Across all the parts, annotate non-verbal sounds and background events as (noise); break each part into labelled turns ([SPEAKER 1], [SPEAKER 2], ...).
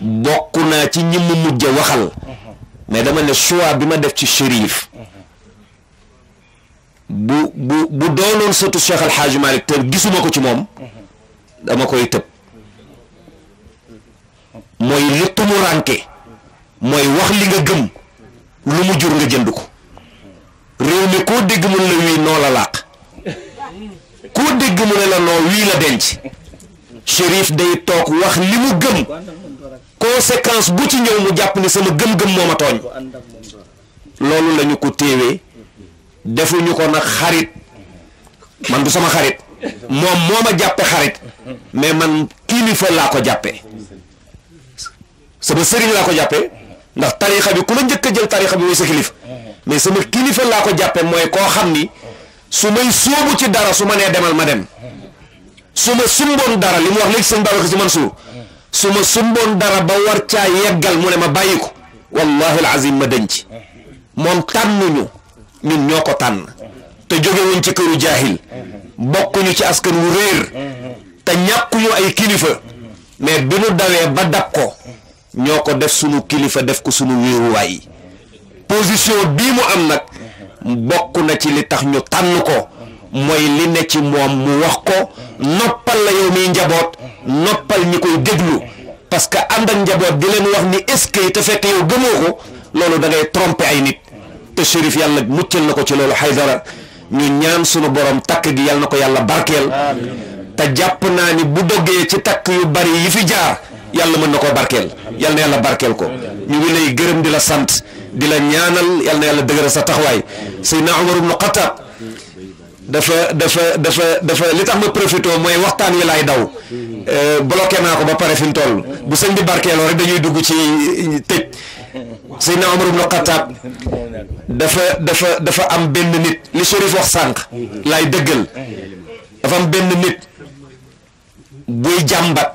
[SPEAKER 1] bokk naa ci ñi mu mujj waxal
[SPEAKER 2] mais dama ne choix bi ma def ci shérif bu bu bu doonoon sëtu Cheikh Al Hadj te gisuma ko ci moom dama koy tëb mooy li tumuranke mooy wax li nga gëm lu mu jur nga jënd ko réew mi koo dégg mu ne la wii noo la làq koo dégg mu ne la noo wii la denc shérif day toog wax li mu gëm conséquence bu ci ñëw mu jàpp ni sama gëm-gëm moo ma tooñ loolu lañu ko téewee defuñu ko nag xarit man du sama xarit moom moo ma jàppe xarit mais man kilifa laa ko jàppe sama sëriñ laa ko jàppe ndax tarixa bi ku la njëkk a jël tarixa bi mooy sa kilif mais sama kilifa laa ko jàppe mooy koo xam ni su may sóobu ci dara su ma nee demal ma dem su ma sumboon dara li mu wax léegi sëñ Babacar Si Mansour su ma sumboon dara ba war caa yeggal mu ne ma bàyyi ko wallahi alazim ma denc moom tànnuñu ñun ñoo ko tànn te jóge wuñ ci këru jaahil bokkuñu ci askan wu réer te ñàkkuñu ay kilifa mais bi nu dawee ba dab ko ñoo ko def suñu kilifa def ko sunu wéeruwaay position bii mu am nag bokk na ci li tax ñu tànn ko mooy li ne ci moom mu wax ko noppal la yow miy njaboot noppal ñi koy déglu parce que ànd ak njaboot di leen wax ni est-ce que te fekk yow gëmoo ko loolu da ngay tromper ay nit te Chérif yàlla muccal na ko ci loolu dara ñu ñaan sunu borom takk gi yàlla na ko yàlla barkeel te jàpp naa ni bu doggee ci takk yu bari yi fi jaar yàlla mën na koo barkeel yàlla na yàlla barkeel ko ñu ngi lay gërëm di la sant di la ñaanal yàlla na yàlla sa taxawaay Seydina Umar ibnu Xattaab dafa dafa dafa dafa li tax ma profité mooy waxtaan wi laay daw
[SPEAKER 1] euh,
[SPEAKER 2] bloqué naa ko ba pare fi mu toll bu sëñ bi barkeeloo rek dañuy dugg ci euh, tëj Seydina Omar ibn Khattab dafa dafa dafa am benn nit li Chérif wax sànq laay dëggal dafa am benn nit buy jàmbat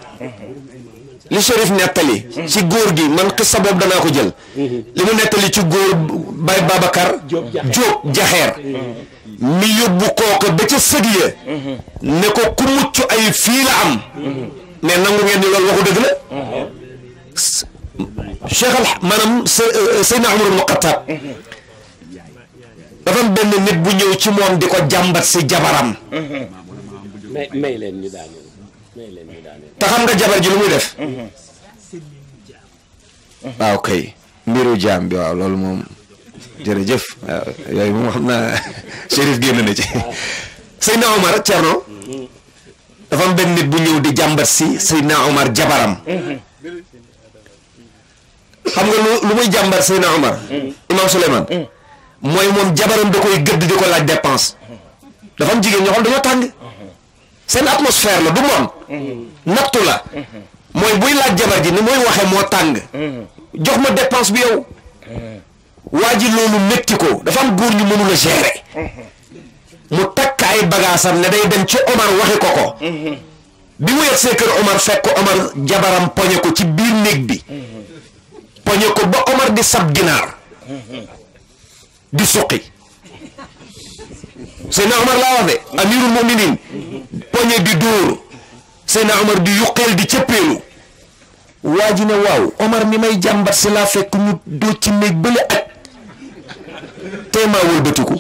[SPEAKER 2] li Chérif nettali ci góor gi man xis sa boobu danaa ko jël li mu nettali ci góor Baye Babacar Diop Jaxeer
[SPEAKER 3] mi yóbbu kooka ba ca sëg ya ne ko ku mucc ay fii la am ne nangu ngeen ni loolu waxu dëgg la cheikh al maanaam euh, euh, Seydina Umar ibn Xattaab dafa am benn nit bu ñëw ci moom di ko jàmbat si jabaram
[SPEAKER 2] may leen ñu daal te xam nga jabar ji lu muy def waaw mm-hmm. ah, mbiru jaam bi waaw loolu moom jërëjëf waaw yooyu moom xam naa Chérif génn na ci Seydina Omar Thierno dafa am benn nit bu ñëw di jàmbat si Seydina Omar jabaram xam nga lu lu muy jàmbat Seydina Omar Imam Souleymane mooy moom jabaram da koy gëdd di ko laaj dépense dafa am jigéen ñoo xam dañoo tàng seen atmosphère la du moom nattu la mooy buy laaj jabar ji ni muy waxee moo tàng jox ma dépense bi yow waa ji loolu métti ko dafa am góor ñu mënul a mhm. mu takk ay bagaasam ne day dem ci Omar waxi ko ko mhm. bi mu yegsee kër Omar fekk Omar jabaram poñe ko ci biir néeg bi mhm. poñe ko ba Omar di sab ginaar di suqi Seydina Omar laa wax de amirul muminin poñe di dóor Seydina Omar di
[SPEAKER 3] yuqeel di cëppeelu waa ji ne waaw Omar mi may jàmbat si laa fekk ñu
[SPEAKER 2] doo ci néeg bële ak tey maa wëlbatiku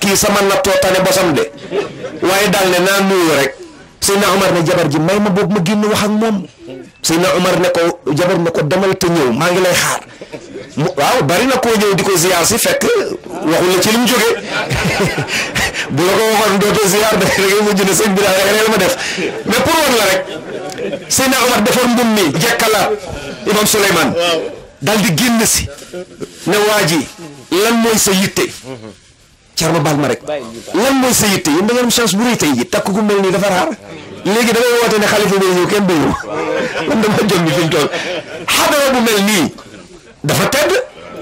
[SPEAKER 2] kii sama nattoo tane bosam de waaye daal ne naa nuyu rek Seydina Omar ne jabar ji may ma boobu ma génn wax moom Seydina Omar ne ko jabar ne ko demal te ñëw maa ngi lay xaar
[SPEAKER 3] waaw bari na koo ñëw di ko ziyaar si fekk waxul la ci li mu jógee
[SPEAKER 1] (laughs)
[SPEAKER 3] bu la ko waxoon dootoo ziyaar da ngay mujj ne sëñ bi daal rek la ma def mais pour woon la rek
[SPEAKER 2] Seydina Omar defoon mbum mi jekkalaat Imam Souleymane daal di génn si ne lan mooy sa yitte. Thierno baal ma rek lan mooy sa yitte yéen da ngeen am chance bu rëy tey ji takk gu mel nii dafa raar léegi da ngay woote ne xalifa
[SPEAKER 3] bi ñëw kenn béyu man dama jom bi fi xadara bu mel nii dafa tedd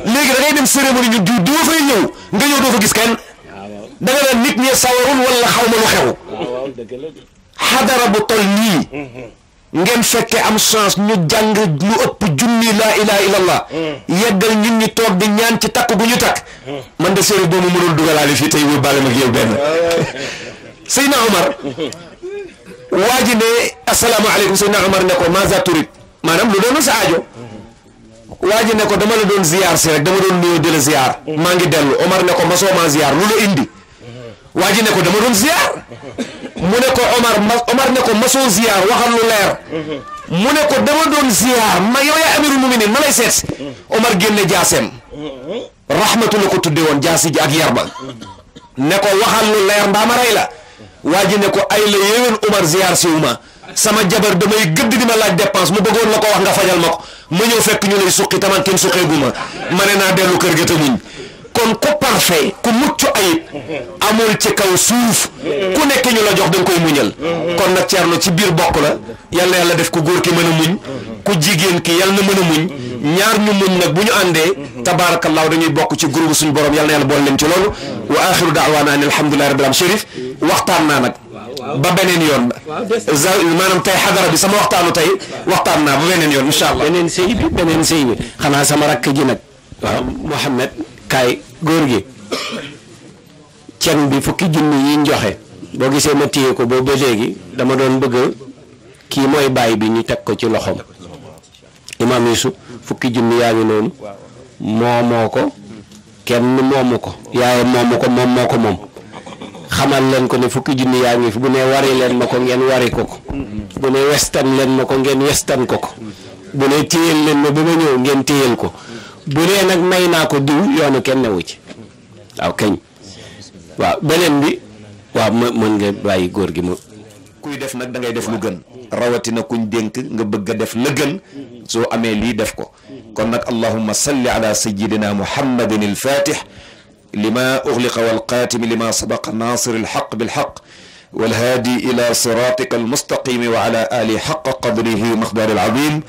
[SPEAKER 3] léegi da ngay dem cérémonie ñu du doo fay ñëw nga ñëw doo fa gis kenn da nga nit ñi sawarul wala xaw ma lu xew xadara bu toll nii. Mhm. ngeen fekkee am chance ñu jàng lu ëpp junni laa ilaha illallah
[SPEAKER 1] mm.
[SPEAKER 2] yeggal ñun ñi toog di ñaan ci takk gu ñu takk mm. man de séeréer boobu mënul dugalaale fii tey wul baale mag yow benn (laughs) Seydina Omar waa ji ne asalaamaaleykum Seydina Omar ne ko maza turid maanaam lu doon sa aajo waa ne ko dama la doon ziyaar si rek dama doon nuyoo di la ziyaar mm. maa ngi dellu Omar ne ko ma soo maa ziyaar lu la indi
[SPEAKER 3] waa ji ne ko dama doon ziyaar
[SPEAKER 2] (laughs) mu ne ko Omar Omar ne ko masoo ziyaar waxal lu leer mu ne ko dama doon ziyaar ma yow yaa amirul muminin ma lay seet Omar génne jaaseem rahmatu la ko tudde woon jaasi ji ak yarba ne ko waxal lu leer mbaa ma rey la waa ji ne ko ay la yéwén Omar ziyaar si wuma sama jabar damay gëdd di ma laaj dépense mu bëggoon la ko wax nga fajal ma ko ma ñëw fekk ñu lay suqi taman kenn suqeegu guma ma ne naa dellu kër ga te muñ kon ku parfait ku mucc ayib amul ci kaw suuf ku nekk ñu la jox da koy muñal kon nag Ceerno ci biir bokk la yal na yàlla def ku góor ki mën a muñ ku jigéen ki yal na mën a muñ ñaar ñu muñ nag bu ñu àndee tabaarakallaahu dañuy bokk ci groupe suñu borom yal na yàlla boole leen ci loolu wa axiru daawaana an alhamdulillahi rabbil aalamiin Chérif waxtaan naa nag ba beneen yoon maanaam tey xadara bi sama waxtaanu tey waxtaan naa ba beneen yoon incha allah beneen sey bi beneen sëy bi xanaa sama rakk ji nag waaw Mouhamed kaay góor gi cen bi fukki junni yi joxe boo gisee ma téye ko boobu ba léegi dama doon bëgg kii mooy baay bi ñu teg ko ci loxoom imaam Yuusuf fukki junni yaa ngi noonu moomoo ko kenn moomu ko yaayam moomu ko moom ko moom xamal leen ko ne fukki junni yaa ngi fi bu ne wari leen ma ko ngeen wari ko ko bu ne westan leen ma ko ngeen westan ko ko bu ne téyel leen ma ba ma ñëw ngeen téyel ko bu dee nag may naa ko diw yoonu kenn newu ci waaw keñ waaw beneen bi waaw mën nga bàyyi góor gi mu kuy def nag da ngay def lu gën rawatina kuñ dénk nga bëgg a def la gën soo amee lii def ko kon nag allahumma salli ala sayyidina muhammadin alfatih lima ughliqa walqatimi lima sabaqa nasir alhaq bilhaq والهادي إلى صراطك المستقيم وعلى آله حق قدره مقدار العظيم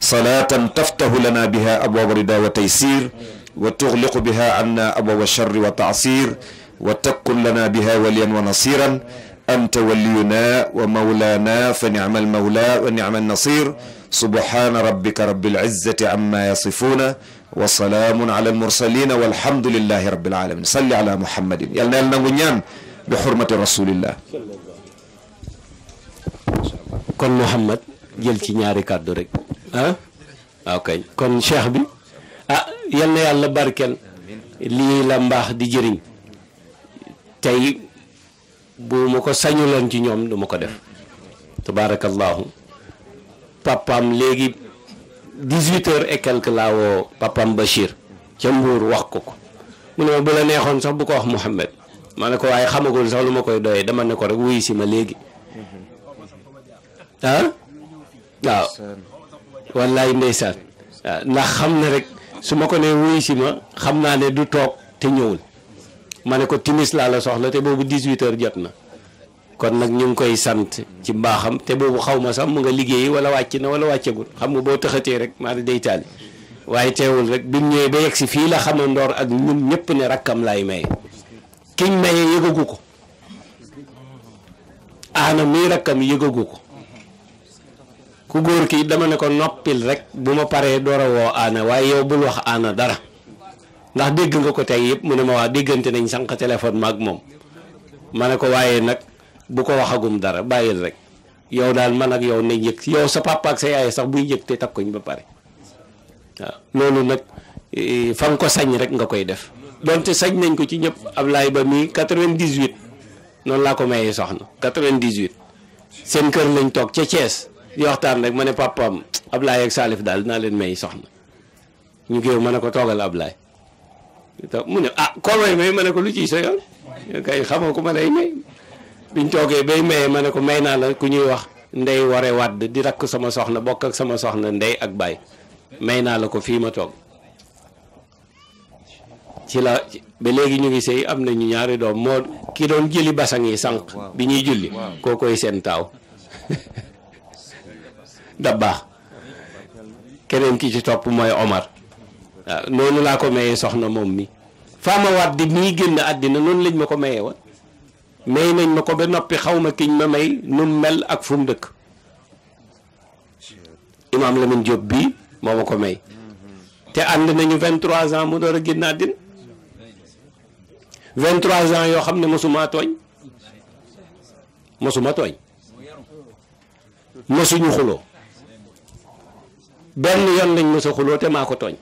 [SPEAKER 2] salaatan taftahu lana biha abwaaba rida wa taysir wa tuxliqu biha anna abwaaba charri wa taasir wa takkun lana biha waliyan wa nasiran anta waliyuna wa mawlana fa nicma almawla wa nicma alnasir subhana rabbika rabbil izzati amma yasifuna wa salaamun ala almursalina walhamdulillahi rabbil alamin salli ala muhammadin yal na yàlla nangu ñaan bi xurmati rasulillah kon Muhammad jël ci ñaari kàddu rek ah waaw kon cheikh bi ah yal na yàlla barkeel lii la mbaax di jëriñ tey bu ma ko sañuloon ci ñoom duma ko def tabaarakallaahu papaam léegi dix-huit heures et quelque laa woo papaam Bachir ca Mbuur wax ko ko mu ne ma bu la neexoon sax bu ko wax Mouhamed ma ne ko waaye xamagul sax lu ma koy doyee demal ne ko rek wuyu si ma léegi ah waaw wallaay ndeysaan ah, ndax xam na rek su ma ko nee wuyu si ma xam naa ne du toog te ñëwul ma ne ko timis laa la soxla te boobu 18 heures jot na kon nag ñu ngi koy sant ci mbaaxam te boobu xaw ma sax mu nga liggéey wala wàcc na wala wàccagul xam nga boo tëxatee rek maa di day taali waaye teewul rek bi ñëwee ba yegg si fii la xama ndoor ak ñun ñëpp ne rakkam laay maye kiñ maye yëgagu ko aana mii rakkam yëgagu ko ku góor kii dama ne ko noppil rek bu ma paree door woo aana waaye yow bul wax ànn dara ndax dégg nga ko tey yëpp mu ne ma waa déggante nañ sànq téléphone maak ak moom ma ne ko waaye nag bu ko waxagum dara bàyyil rek yow daal man ak yow nañ yëg yow sa papa ak sa yaay sax buy yëg te takkuñ ba pare waaw loolu nag eh, fa ko sañ rek nga koy def doonte sañ nañ ko ci ñëpp laay Ba mii 98 noonu laa ko mayee soxna 98 seen kër lañ toog ca Thiès di waxtaan rek ma ne papaam Ablaye ak Salif daal dinaa leen may soxna ñu géew ma ne ko toogal Ablaye mu ne ah koo may may ma ne ko lu ciy sa yoon kay xamoo ko ma lay may biñ toogee bay maye ma ne ko may naa la ku ñuy wax ndey ware di rakk sama soxna bokk ak sama soxna ndey ak baay may naa la ko fii ma toog ci la ba léegi ñu ngi sëy am na ñu ñaari doom moo kii doon jëli basang yi sànq bi ñuy julli koo koy seen taaw (laughs) da baax keneen ki ci topp mooy Omar waaw ah, noonu laa ko mayee soxna moom mi faama waat di muy génn àddina noonu lañ ma ko mayee woon may nañ ma ko ba noppi xaw ma kiñ ma may nu mel ak fu mu dëkk imaam Lamine Diop bii moo ma ko may te ànd nañu 23 ans mu door a génn àddina 23 ans yoo xam ne mosuma tooñ mosuma tooñ mosuñu xuloo benn yoon lañ ma a xuloo te maa ko tooñ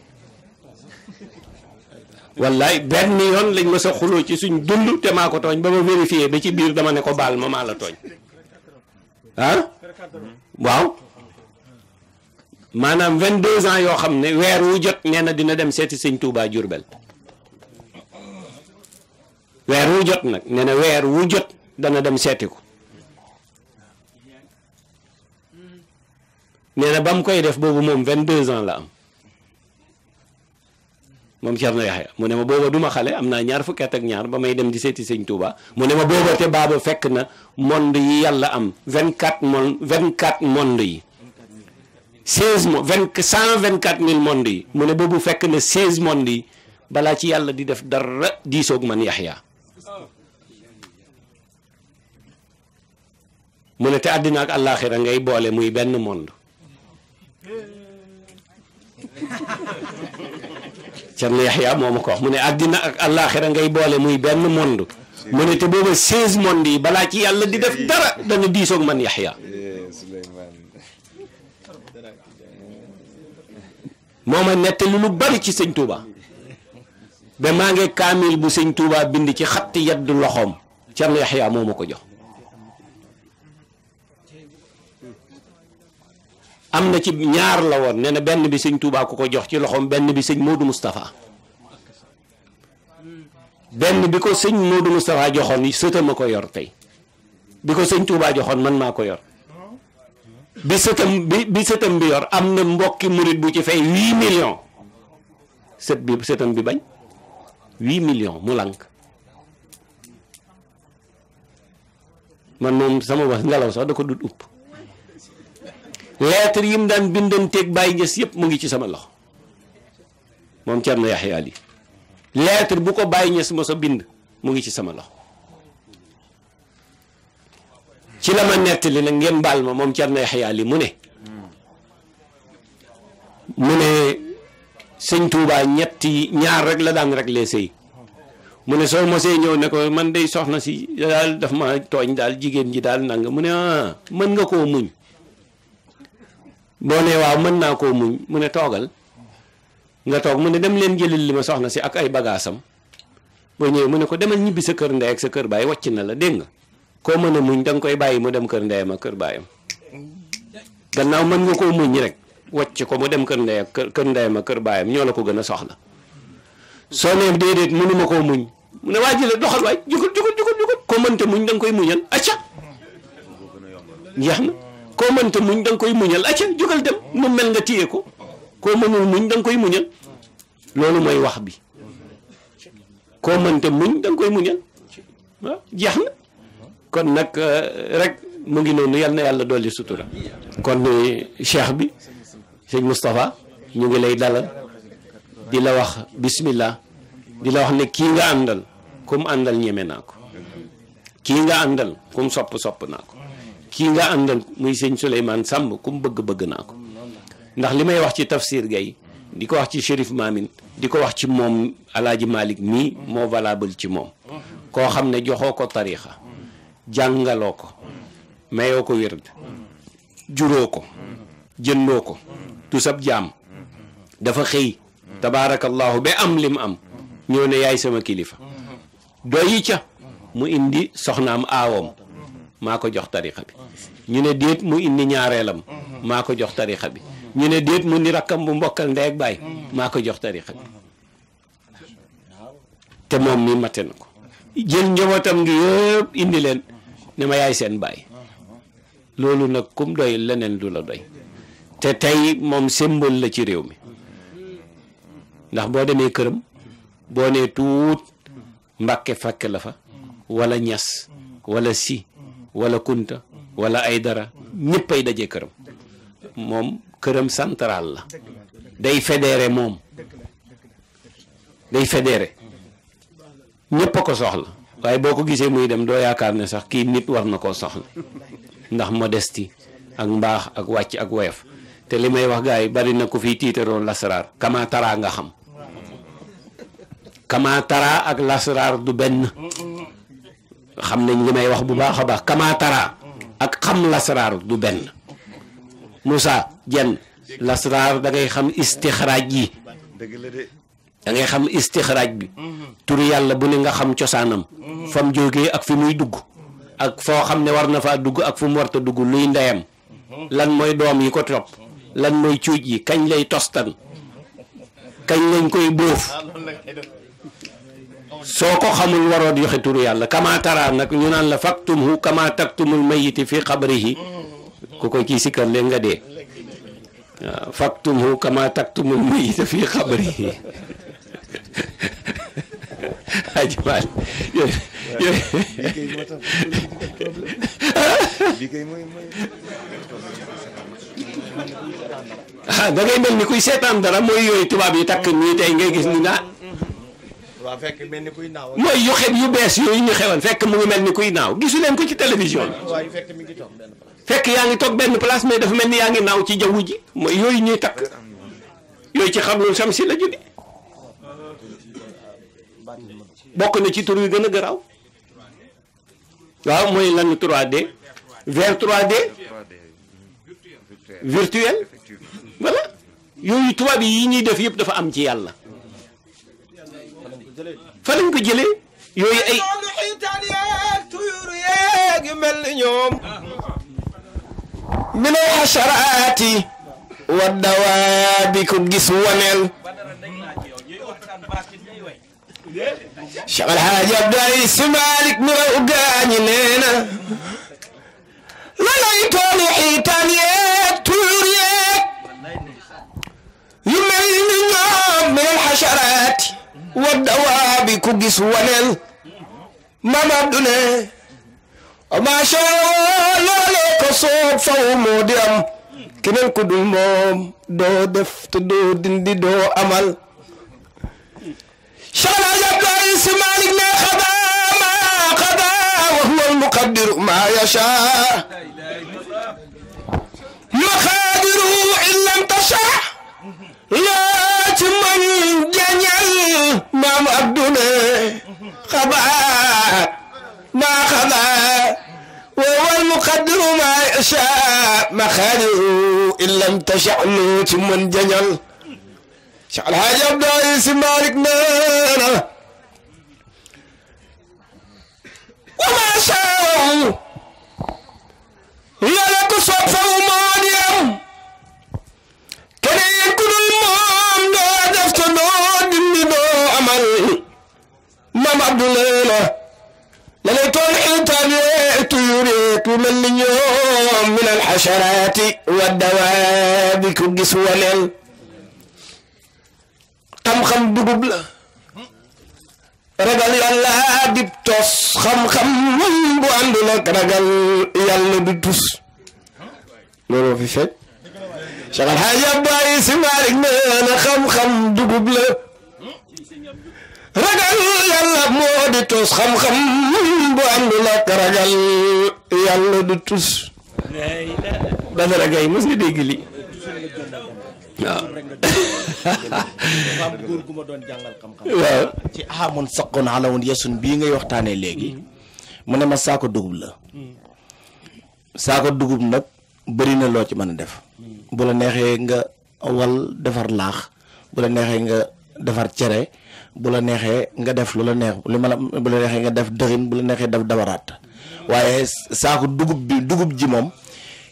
[SPEAKER 2] wallaay benn yoon lañ ma a xuloo ci suñ dund te maa ko tooñ ba ma vérifié ba ci biir dama ne ko baal ma maa la tooñ ah waaw maanaam 22 ans yoo xam ne weer wu jot nee na dina dem seeti sëñ Touba Jurbel weer wu jot nag nee na weer wu jot dana dem seeti ko nee na ba mu koy def boobu moom 22 ans la am moom Thierno Yaxya mu ne ma booba du ma xale am naa ñaar fukki at ak ñaar ba may dem di seeti sëñ Touba mu ne ma booba te baaba fekk na monde yi yàlla am 24 monde 24 monde yi. 16 mo 20 124 mille monde yi mu ne boobu fekk na 16 monde yi balaa ci yàlla di def dara diisoog man Yaxya mu ne te àddina ak àllaaxira ngay boole muy benn monde. Cerno Yaxya moo ma ko wax mu ne àddina ak àllaaxira ngay boole muy benn monde mu ne te booba seize monde yi balaa ci yàlla di def dara dana diisoog man Yaxya moo ma nettali lu bari ci sëñ Touba ba maa ngi kaamil bu sëñ Touba bind ci xatti yaddu loxoom Cerno Yaxya moo ma ko jox am na ci ñaar la woon nee na benn bi sëñ Touba ku ko jox ci loxoom benn bi sëñ Modou Moustapha benn bi ko sëñ Modou Moustapha joxoon sëtam a ko yor tey bi ko sëñ Touba joxoon man maa ko yor bi sëtam bi bi sëtam bi am na mbokki murit bu ci fay huit millions bi sëtam bi bañ huit millions mu lànk man moom sama wax ngelaw sax da ko dut upp lettre yi mu daan bindanteeg Baye Niass yëpp mu ngi ci sama loxo moom Thierno Yahya Ali lettre bu ko bàyyi Niass mos bind mu ngi ci sama loxo ci la ma nettali nag ngeen baal ma moom Thierno Yahya Ali mu ne mu ne sëñ Touba ñetti ñaar rek la daan rek lee sëy mu ne soo mosee ñëw ne ko man day soxna si daal daf ma tooñ daal jigéen ji daal nang mu ne ah mën nga koo muñ boo nee waaw mën naa koo muñ mu ne toogal nga toog mu ne dem leen jëlil li ma soxna si ak ay bagaasam boo ñëwee mu ne ko demal ñibbi sa kër ndey ak sa kër baay wàcc na la dégg nga koo mën a muñ da koy bàyyi mu dem kër ndeyam ak kër baayam gannaaw mën nga koo muñ rek wàcc ko mu dem kër ndey ak kër ndeyam ak kër baayam ñoo la ko gën a soxna soo nee déedéet mënuma koo muñ mu ne waa ji la doxal waay jugut jugut jugut jugut mënta muñ da nga koy muñal acca jeex na koo mënta muñ da koy muñal acca jógal dem mu mel nga téye ko koo mënul muñ da koy muñal loolu mooy wax bi koo mënta muñ da koy muñal jeex na kon nag euh, rek mu ngi noonu yal na yàlla dolli sutura kon euh, cheikh bi sëñ Moustapha ñu ngi lay dalal di la wax bismillah di la wax ne kii nga àndal kum àndal ñeme naa ko kii nga àndal kum sopp sopp naa ko kii nga àndal muy sëñ Souleymane sàmb ku bëgg bëgg naa ko ndax li may wax ci Tafsir Gaye di ko wax ci Chérif Mamine di ko wax ci moom Alaaji Malick mii moo valable ci moom koo xam ne joxoo ko tariixa jàngaloo ko mayoo ko wérd juróo ko jëndoo ko du sab dafa xëy tabaarakallahu ba am lim am ñëw ne yaay sama kilifa doyi ca mu indi soxnaam aawam maa ko jox tarixa bi ñu ne déet mu indi ñaareelam maa ko jox tarixa bi ñu ne déet mu ni rakkam bu mbokkal ndey ak baay maa ko jox tarixa bi te moom mi mate na ko jël njabootam ngi yëpp indi leen ne ma yaay seen baay loolu nag kum doy leneen du la doy te tey moom symbole la ci réew mi ndax boo demee këram boo nee tuut mbàkke fàkke la fa wala ñas wala si wala kunta walla ay dara ñëpp ay daje këram moom këram central la day federe moom day federe ñëpp ko soxla waaye boo ko gisee muy dem doo yaakaar ne sax kii nit war na koo soxla ndax modestie ak mbaax ak wàcc ak woyof te li may wax gars yi bari na ko fiy tiitaroo lasaraar kamaa nga xam kamaa ak lasaraar du benn xam nañ li may wax bu baax a baax kamatara ak xam lasraar du benn Moussa jenn lasraar da ngay xam istixraaj yi da ngay xam istixraaj bi turu yàlla bu ne nga xam cosaanam fa mu ak fi muy dugg ak foo xam ne war na faa dugg ak fu mu warta dugg luy ndeyam lan mooy doom yi ko topp lan mooy cuuj yi kañ lay tostan kañ lañ koy bóof soo ko xamul waroo joxe turu yàlla kama tara nag ñu naan la faktumhu kama taktumul mayiti fi xabrihi ku ko kii sikkal léegi nga dee waaw faktumhu kama taktumul mayiti fi xabrihi (laughs) ajibal (laughs) ah da ngay mel ni kuy seetaan dara mooy yooyu tubaab yi takk nii tey ngay gis ni naa
[SPEAKER 4] waaw fekk mel ni kuy naaw. mooy yu
[SPEAKER 2] xew yu bees yooyu ñu xewoon fekk mu ngi mel ni kuy naaw gisu leen ko ci télévision
[SPEAKER 5] bi. fekk mi ngi toog
[SPEAKER 2] fekk yaa ngi toog benn place mais dafa mel ni yaa ngi naaw ci jaww ji mooy yooyu ñuy takk yooyu ci xam lu sam si la jóge bokk na ci tur yu gën a garaaw waaw mooy lan 3D vers 3D virtuel voilà yooyu tubaab yi ñuy def yëpp dafa am ci yàlla. fa lañ ko jëlee yooyu ay loolu xiitaan
[SPEAKER 3] tuyur yeeg yu mel ni ñoom min asharaati wa dawaabi ko waneel
[SPEAKER 1] Cheikh Alhaaji Abdoulaye
[SPEAKER 3] Si mi raw gaañi nee na
[SPEAKER 1] la lay toolu xiitaan tuyur yeeg
[SPEAKER 3] yu mel ni ñoom min alxasharaati wa dawaabi ku gis waneel mamadu ne macha allah loolee ko soob faw moo di keneen ku dul moom doo def te doo dindi doo amal شغل عجب رئيس مالك ما خدا ما خدا وهو المقدر ما يشاء مقادره إن لم تشاء لا ci man jañal maam abduna xaba ma xaba wawal muqaddiru ma sha maxaaliu in lam tashanu ci man jañal Cheikh Alhaji Abdoulaye Si Malick neena wa ma sha yàlla ku sopp fa moo di maam Abdoulaye la la lay tool intaan yee mel ni ñoom min alxasharaati wa dawaabi ku gis waneel xam-xam dugub la ragal yàlla dib tos xam-xam bu àndul ragal yàlla du tus
[SPEAKER 2] loolu fi fekk
[SPEAKER 3] Cheikh Alhaji Abdoulaye Si Malick dugub la ragal yàlla moo di tus xam-xam bu àndul ak ragal yàlla du tus
[SPEAKER 2] Badara Gaye mos nga dégg li waaw am góor gu ma
[SPEAKER 1] doon jàngal xam-xam
[SPEAKER 4] waaw ci amun saqon alawoon yesun bii ngay waxtaanee léegi mu
[SPEAKER 2] ne ma saako dugub la saako dugub nag bëri na loo ci mën a def
[SPEAKER 4] bu la neexee nga wal defar laax bu la neexee nga defar cere bu la neexee nga def lu la neex li ma la bu la neexee nga def dëxin bu la neexee def dabaraat
[SPEAKER 2] waaye saako dugub bi dugub ji moom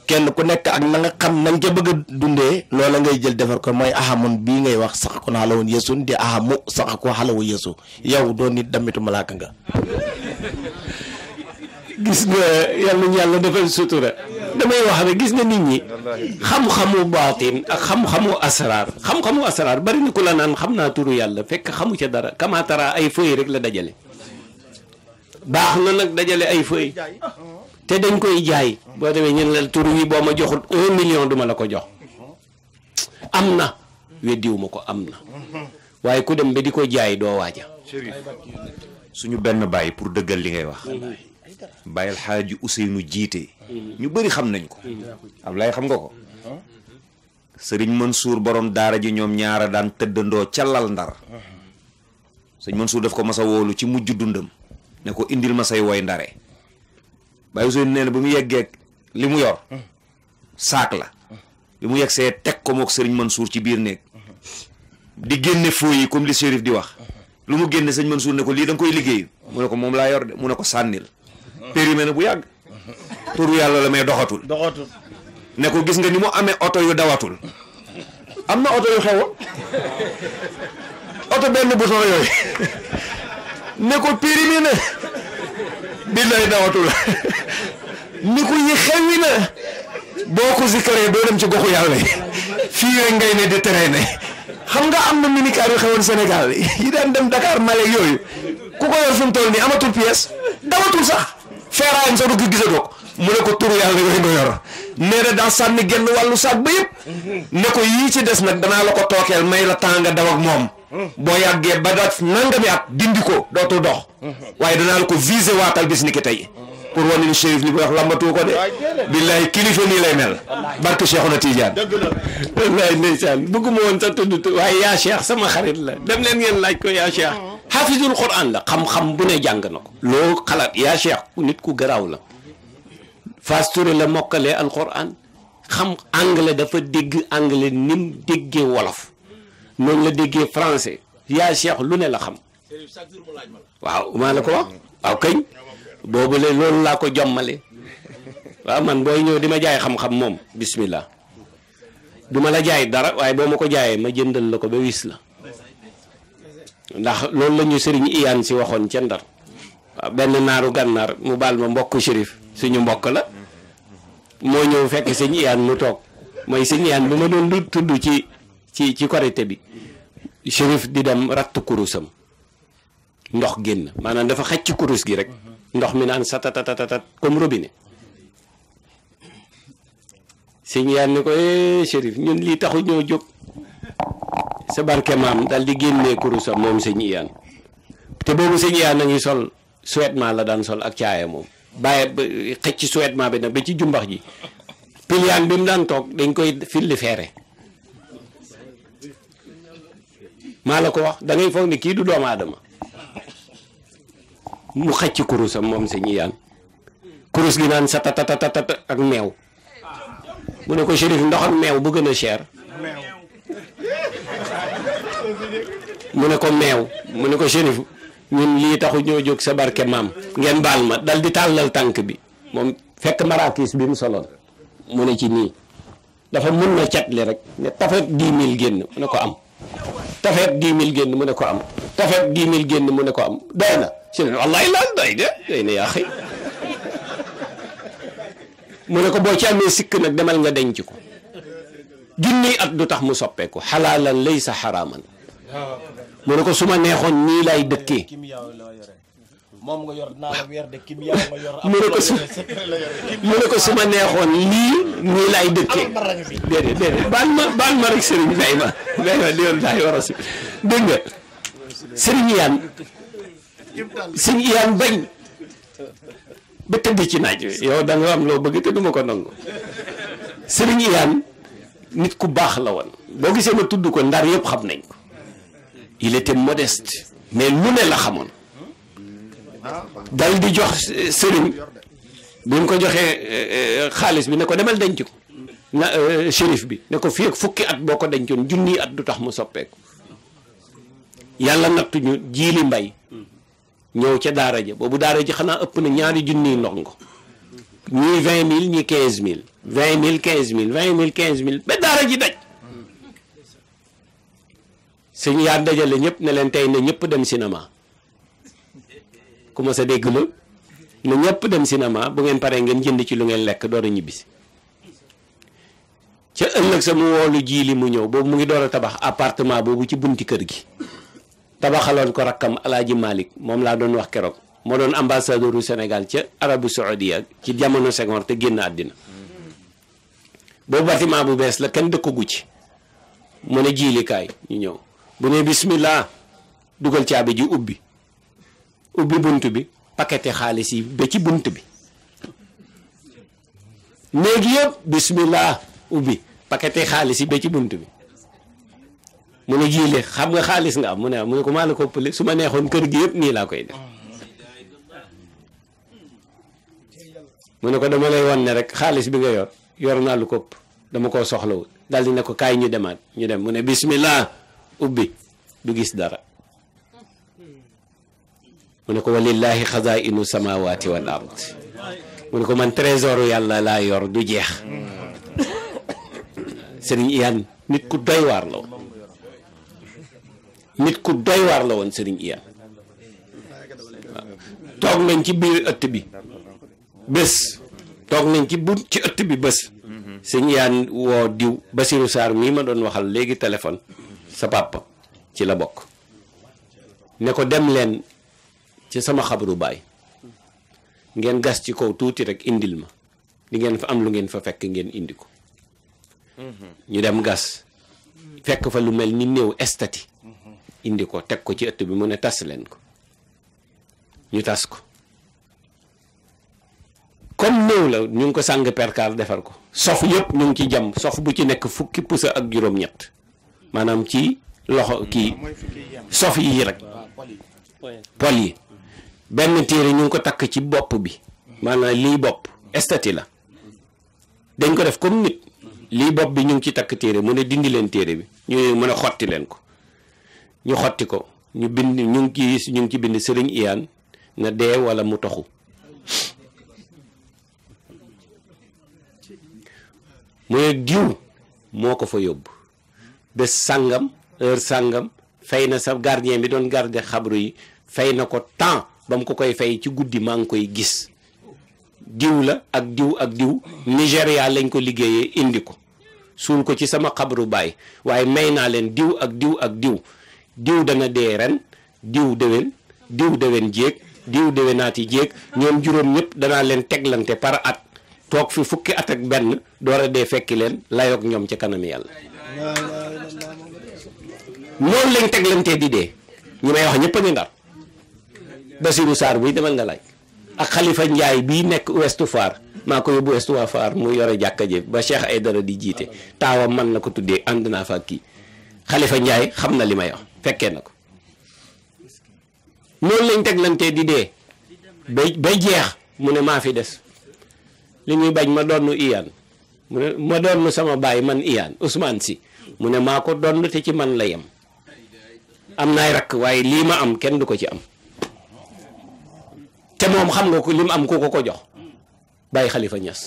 [SPEAKER 2] kenn ku nekk ak na nga xam na nga bëgg a dundee loola ngay jël defar ko mooy ahamun bii ngay wax sax ko xalawoon yeesu di ahamu sax ko xalawu yeesu yow doo nit damitu malaaka nga gis nga yàlla ñu yàlla defal sutura damay wax rek gis nga nit ñi xam-xamu baatin ak xam-xamu asaraar xam-xamu asaraar bari na ku la naan xam naa turu yàlla fekk xamu ca dara kamaatara ay feuille rek la dajale baax na nag dajale ay feuille te dañ koy jaay boo demee ñen la turu wi boo ma joxul un million duma la ko jox am na weddiwu ko am na waaye ku dem ba di ko jaay doo waaja suñu benn bàyyi pour dëggal li ngay wax mm-hmm. Baye El Hadji Ousseynou jiite. ñu bëri xam nañ ko. lay xam nga ko. sëriñ Mansour borom daara ji ñoom ñaara daan tëddandoo ca lal ndar. sëñ Mansour def ko mas a woolu ci mujj dundam. ne ko indil ma say woy ndare. Baye Ousseynou nee na ba mu yeggee li mu yor. saak la. bi mu yegg see teg ko moog sëriñ Mansour ci biir néeg. di génne foo comme li shérif di wax. lu mu génne sëñ Mansour ne ko lii da koy liggéey mu ne ko moom laa yor de mu ne ko sànnil périmé na bu yàgg tur yàlla la may doxatul doxatul ne ko gis nga ni mu amee oto yu dawatul na oto yu xewoon
[SPEAKER 3] oto benn bouton ko périmé na billaay dawatul ni ko yi xewi na boo ko zikkaree doo dem ci goxu yàlla yi fii rek ngay ne di tere ne xam nga am na minicar yu xewoon Sénégal yi daan dem Dakar Malek yooyu ku ko yor fi toll nii amatul pièce dawatul sax
[SPEAKER 2] feeraayam sax du ko gisatoo ko mu ne ko turu yàlla yooyu nga yor nee na daa sànni genn wàllu saag ba yëpp ne ko yii ci des nag danaa la ko tookeel may la temps nga daw ak moom boo yàggee ba daat nangami at dindi ko dootul dox mhm. waaye danaa la ko visé waatal bis ni ki tey pour wane ni li mu wax lambatu ko de billaay kilifa nii lay mel barke na Tidiane wallaay ndeysaan bëgguma woon sa tudd waaye yaa Cheikh sama xarit la dem leen ngeen laaj ko yaa Cheikh xaafizul mm-hmm. Qur'an la xam-xam bu ne jàng na ko loo xalaat yaa Cheikh nit ku garaaw la Fass Touré la mokkalee alquran xam anglais dafa dégg anglais nim déggee wolof noonu la déggee français yaa Cheikh lu ne la xam waaw maa la ko wax boobu la loolu laa ko jommale waaw man booy ñëw di ma jaay xam-xam moom bismillah du ma la jaay dara waaye boo ma ko jaayee ma jëndal la ko ba wis la ndax loolu la ñu sëriñ iyaan si waxoon ca ndar waaw benn naaru gànnaar mu baal ma mbokk shérif suñu mbokk la moo ñëw fekk sëñ iyaan mu toog mooy sëñ iyaan bu ma doon du tudd ci ci ci korité bi shérif di dem ratt kurusam ndox génn maanaam dafa xaj ci kurus gi rek ndox mi naan satatatatat comme robinet sëñ yaan ni ko eh Chérif ñun lii taxu ñoo jóg sa barke maam daal di génnee kurusam moom sëñ iyaan te boobu sëñ iyaan a ngi sol suwetma la daan sol ak caaya moom bàyyi xëcc suwetma bi nag ba ci jumbax ji piliyaan bi mu daan toog dañ koy filli feere maa la ko wax dangay ngay foog ne kii du doomu aadama mu xëcc kurusam moom sëñ Iyane kurus gi naan satatatatata ak meew mu ne ko shérif ndox ak meew bu gën a cher mu ne ko meew mu ne ko shérif ñun lii taxu ñoo jóg sa barke maam ngeen baal ma dal di tàllal tànk bi moom fekk maraakis bi mu soloon mu ne ci nii dafa mun na cat li rek ne tafat génn mu ne ko am tafeet 10 000 génn mu ne ko am tafeet 10 000 génn mu ne ko am doy na si ne wallaay laal yaa xëy mu ne ko boo ci amee sikk nag demal nga denc ko junniy at du tax mu soppeeku xalaalan laysa xaraaman
[SPEAKER 4] mu ne ko su ma neexoon
[SPEAKER 2] nii laay moom nga yor naa la weer de kim yow nga yor. mu ne ko su mu ne ko su ma neexoon lii nii laay dëkkee. déedéet déedéet ma baal ma rek Serigne Baye ma Baye ma Léon Baye war a si dégg nga Serigne Iyane Serigne bañ ba tëdd ci naaj wi yow da am loo bëgg te du ko nangu Serigne Iyane nit ku baax la woon boo gisee ma tudd ko ndar yëpp xam nañ ko il était modeste mais lu ne la xamoon. dal di jox sëriñ bi mu ko joxee eh, eh, xaalis bi ne ko demal denc ko eh, shérif bi ne ko fii fukki at boo ko dencoon junni at du tax mu soppeeku yàlla nattuñu jiili mbay ñëw ca daara ja boobu daara ji xanaa ëpp na ñaari junniy ndongo ñii vingt mille ñii quinze mille vingt mille quinze mille vingt mille quinze mille ba daara ji daj sëñ yaa dajale ñëpp ne leen tey ne ñëpp dem cinéma ku mos dégg loolu na ñëpp dem cinéma bu ngeen paree ngeen jënd ci lu ngeen lekk door a ñibbisi ca ëllëg sa mu woolu ji li mu ñëw boobu mu ngi door a tabax appartement boobu ci bunti kër gi tabaxaloon ko rakkam alaaji Malick moom laa doon wax keroog moo doon ambassadeur u Sénégal ca arabu ya ci jamono Senghor te génn àddina boobu bâtiment bu bees la kenn dëkkagu ci mu ne jiilikaay ñu ñëw bu ne bismillah dugal caabi ji ubbi ubbi bunt bi paquete xaalis yi ba ci bunt bi néegi yëpp bismillah ubbi paquete xaalis yi ba ci bunt bi mu ne jiile xam nga xaalis nga am mu ne mu ne ko maa la ko pële su ma neexoon kër gi yëpp nii laa koy def mu ne ko dama lay wan ne rek xaalis bi nga yor yor naa lu kopp dama koo soxlawul di ne ko kaay ñu demaat ñu dem mu ne bismillah ubbi du gis dara mu ne ko walillahi xazainu samawati wal ard mu ne ko man trésor yàlla laa yor du jeex sëriñ Iyaan nit ku doy waar la woon nit ku doy waar la woon sëriñ Iyaan toog nañ ci biir ëtt bi bés toog nañ ci bu ci ëtt bi bés sëñ Iyaan woo diw Basiru Saar mii ma doon waxal léegi téléphone sa papa ci la bokk ne ko dem leen ci sama xabaru baay ngeen gas ci kaw tuuti rek indil ma di ngeen fa am lu ngeen fa fekk ngeen indi ko ñu dem gas fekk fa lu mel ni néew estati indi ko teg ko ci ëtt bi mu ne tas leen ko ñu tas ko comme néew la ñu ngi ko sàng perkaar defar ko sof yëpp ñu ngi ci jam sof bu ci nekk fukki pusa ak juróom-ñett maanaam ci loxo kii
[SPEAKER 4] sof yi rek
[SPEAKER 2] pol yi benn téere ñu ngi ko takk ci bopp bi maanaam lii bopp estati la dañ ko def comme nit lii bopp bi ñu ngi ci takk téere mu ne dindi leen téere bi ñu ne xotti leen ko ñu xotti ko ñu bind ñu ñu ngi ci bind sëriñ iyaan na dee wala mu taxu mu diw moo ko fa yóbbu bés sàngam heure sàngam fay na sa gardien bi doon garder xabru yi fay na ko temps ba mu ko koy fay ci guddi maa ngi koy gis diw la ak diw ak diw Nigéria lañ ko liggéeyee indi ko suul ko ci sama xabru baay waaye may naa leen diw ak diw ak diw diw dana dee ren diw déwén diw déwén jéeg diw déwénaati jéeg ñoom juróom ñëpp danaa leen teglante par at toog fi fukki at ak benn door a dee fekki leen layoog ñoom ca kanam yàlla noonu lañ teglante di dee ñu may wax ñëpp ndar Basirou Sarr buy demal nga laaj ak xalifa njaay bii nekk Ouest Foire maa ko yóbbu Ouest Foire mu yore jàkka ji ba ay Aïdara di jiite taawam man la ko tuddee ànd naa fa kii xalifa njaay xam na li may wax fekkee na ko noonu lañ teglantee di dee ba jeex mu ne maa fi des li ñuy bañ ma doon iyaan mu ne ma doon sama baay man iyaan Ousmane si mu ne maa ko doon te ci man la yem am naay rakk waaye lii ma am kenn du ko ci am te moom xam nga ko li mu am ku ko ko jox bàyyi xalifa ñas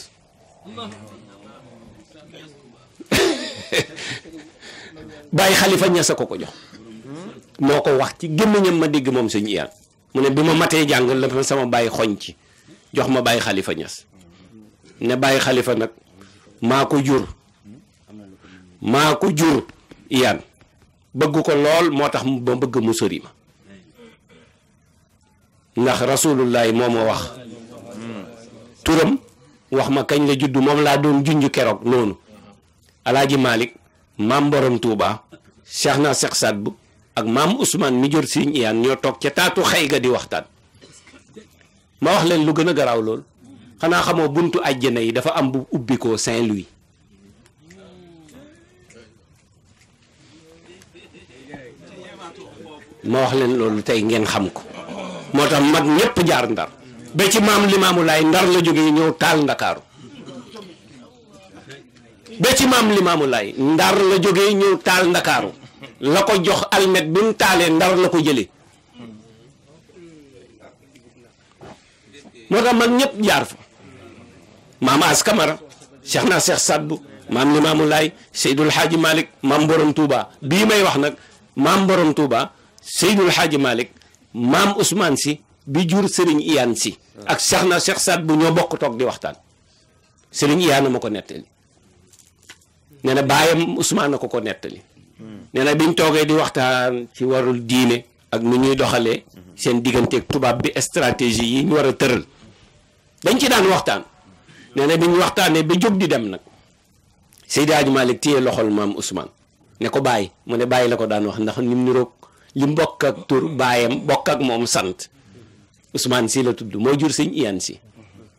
[SPEAKER 2] (laughs) bàyyi xalifa ñas a ko ko jox moo ko wax ci gémmiñam ma dégg moom sëñ iyaan mu ne bi ma matee jàng la fa sama bàyyi xoñ ci jox ma bàyyi xalifa ñas ne bàyyi xalifa nag maa ko jur maa ko jur iyaan bëgg ko lool moo tax ma bëgg mu sori ma ndax rasulullahi moo ma wax turam wax ma kañ la juddu moom laa doon junj keroog noonu alaaji Malick maam borom Touba Cheikh na Cheikh Sadbu ak maam Ousmane mi jor Sëriñ Iyaan ñoo toog ca taatu xëy ga di waxtaan ma wax leen lu gën a garaaw lool xanaa xamoo buntu àjjana yi dafa am bu ubbikoo Saint-Louis ma wax leen loolu tey ngeen xam ko moo tax mag ñëpp jaar ndar ba ci maam limaamu ndar la jógee ñëw taal ndakaaru ba la jógee ndakaaru la ko jox almet bi mu taalee ndar la ko jële moo tax mag ñëpp jaar fa maam as kamara cheikh naa cheikh sadbu maam limaamu laay seydul xaaji maam borom touba bii may wax nag maam borom touba seydul xaaji malik maam Ousmane si bi jur sëriñ Iyane si. ak Cheikh na Cheikh Saad bu ñoo bokk toog di waxtaan sëriñ Iyane ma ko nettali. nee na baayam Ousmane na ko ko nettali. nee na biñ toogee di waxtaan ci warul diine ak nu ñuy doxalee. seen digganteek tubaab bi stratégie yi ñu war a tëral. dañ ci daan waxtaan. nee na biñ waxtaanee ba jóg di dem nag. Seydi Hadji Malick téye loxol maam Ousmane. ne ko bàyyi mu ne bàyyi la ko daan wax ndax nim niroog li mbokk ak tur baayam bokk ak moom sant Ousmane si la tudd moo jur sëñ Iyane si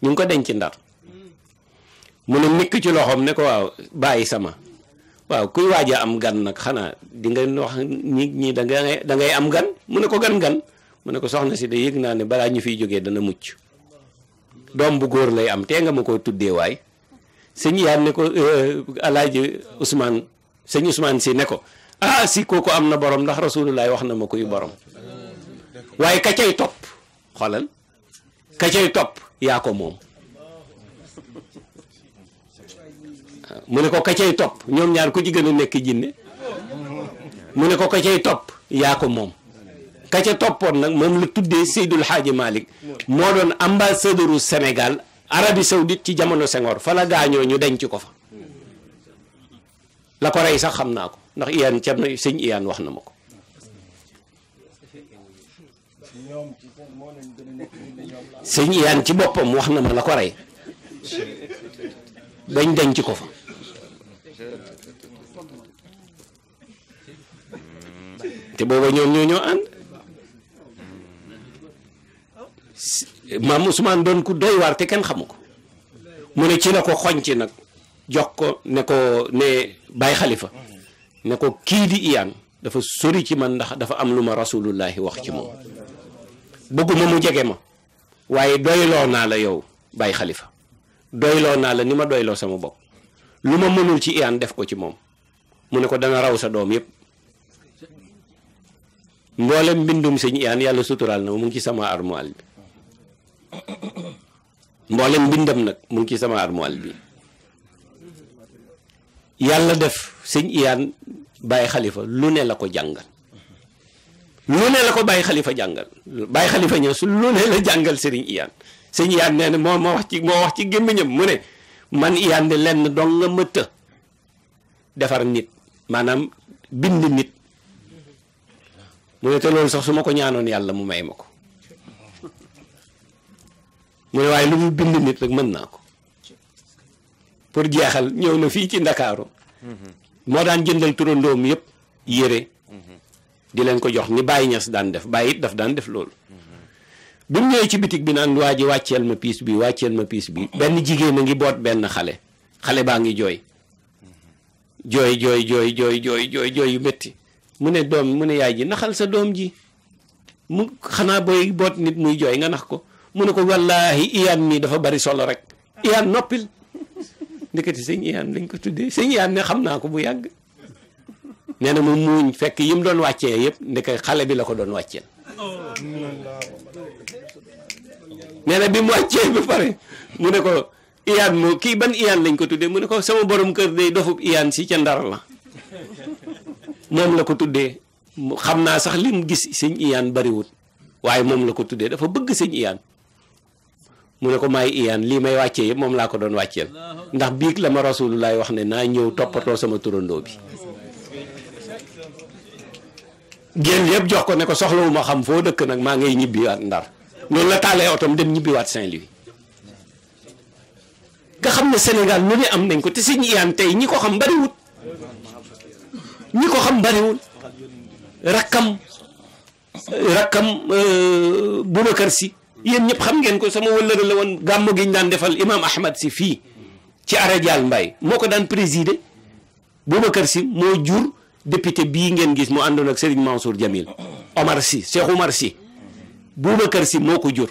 [SPEAKER 2] ñu ngi ko denc ndar mu ne mikk ci loxoom ne ko waaw bàyyi sama waaw kuy waaj am gan nag xanaa di nga wax nit ñi da da ngay am gan mu ne ko gan gan mu ne ko soxna si de yëg naa ne balaa ñu fiy jógee dana mucc doom bu góor lay am tee nga ma koo tuddee waay sëñ Iyane ne ko euh, alaaji Ousmane sëñ Ousmane si ne ko ah si kooku am na borom ndax rasulullah wax na ma kuy borom waaye ka cay topp xoolal ka topp yaa ko moom mu ne ko ka topp ñoom ñaar ku ci gën a nekk jinne mu ne ko ka topp yaa ko moom ka toppoon nag moom la tuddee Seydul Xaaji Malick moo doon ambassadeuru Sénégal Arabie Saoudite ci jamono Senghor fa la gaañoo ñu denc ko fa la ko rey sax xam naa ko ndax iyaan cam na sëñ iyaan wax na ma ko sëñ iyaan ci boppam wax na ma la ko rey bañ ci ko fa te booba ñoom ñoo ñoo ànd maam Ousmane doon ku doy waar te kenn xamu ko mu ne ci la ko xoñci nag jox ko ne ko ne bàyyi xalifa ne ko kii di iyaan dafa sori ci man ndax dafa am lu ma rasulullahi wax ci moom bëgguma mu jege ma waaye doyloo naa la yow bàyyi xalifa doyloo naa la ni ma doyloo sama bopp lu ma mënul ci iyaan def ko ci moom mu ne ko dana raw sa doom yépp mboolem mbindum sëñ iyaan yàlla suturaal na mu ngi ci sama armoire bi mboolem mbindam nag mu ngi ci sama armoire bi yàlla def sëñ iyaan bàyyi xalifa lu ne la ko jàngal lu ne la ko bàyyi xalifa jàngal bàyyi xalifa ñëw su lu ne la jàngal sëriñ iyaan sëñ iyaan nee moo moo wax ci moo wax gémmiñam mu ne man iyaan de lenn dong nga mëtta defar nit maanaam bind nit mu ne te loolu sax su ma ko ñaanoon yàlla mu may ma ko mu ne waaye lu mu bind nit rek mën naa ko pour jeexal ñëw na fii ci ndakaaru
[SPEAKER 1] mm-hmm.
[SPEAKER 2] moo daan jëndal turandoom yëpp yére mhm. di leen ko jox ni Baye Niass daan def bàyyi it daf daan def loolu mhm. bi mu ñëwee ci bitig bi naan waa ji wàcceel ma piis bi wàcceel ma piis bi benn jigéen a ngi boot benn xale xale baa ngi jooy mhm. jooy jooy jooy jooy jooy jooy jooy yu metti mu ne doom mu ne yaay ji naxal sa doom ji mu xanaa booy boot nit muy jooy nga nax ko mu ne ko wallaahi iyaan mii dafa bari solo rek iyaan noppil ndekete sëñ iyaan lañ ko tuddee sëñ iyaan ne xam naa ko bu yàgg nee na mu muuñ fekk yim doon wàccee yëpp ndeke xale bi la ko doon wàcceel nee na bi mu wàccee ba pare mu ne ko iyaan moo kii ban iyaan lañ ko tuddee mu ne ko sama boroom kër day dofub iyaan si ca ndara la moom la ko tuddee xam naa sax lim gis sëñ iyaan bariwul waaye moom la ko tuddee dafa bëgg sëñ iyaan mu ne ko maay iyaan lii may wàccee yëpp moom laa ko doon wàcceel ndax biig la ma rasulullah wax ne naa ñëw toppatoo sama turandoo bi génn yëpp jox ko ne ko soxlawu ma xam foo dëkk nag maa ngay ñibbiwaat ndar loolu la taalee otom dem ñibbiwaat Saint-Louis nga xam ne Sénégal lu ne am nañ ko te sëñ iyaan tey ñi ko xam bariwul ñi ko xam bariwul rakkam rakkam euh, Boubacar si yéen ñëpp xam ngeen ko sama wëllëra la woon gàmmu gi ñu daan defal imam ahmad si fii ci aradial mbay moo ko daan présider Boubacar si moo jur député bii ngeen gis mu àndoon ak Serigne Mansour Jamil Omar si Cheikh Omar si moo ko jur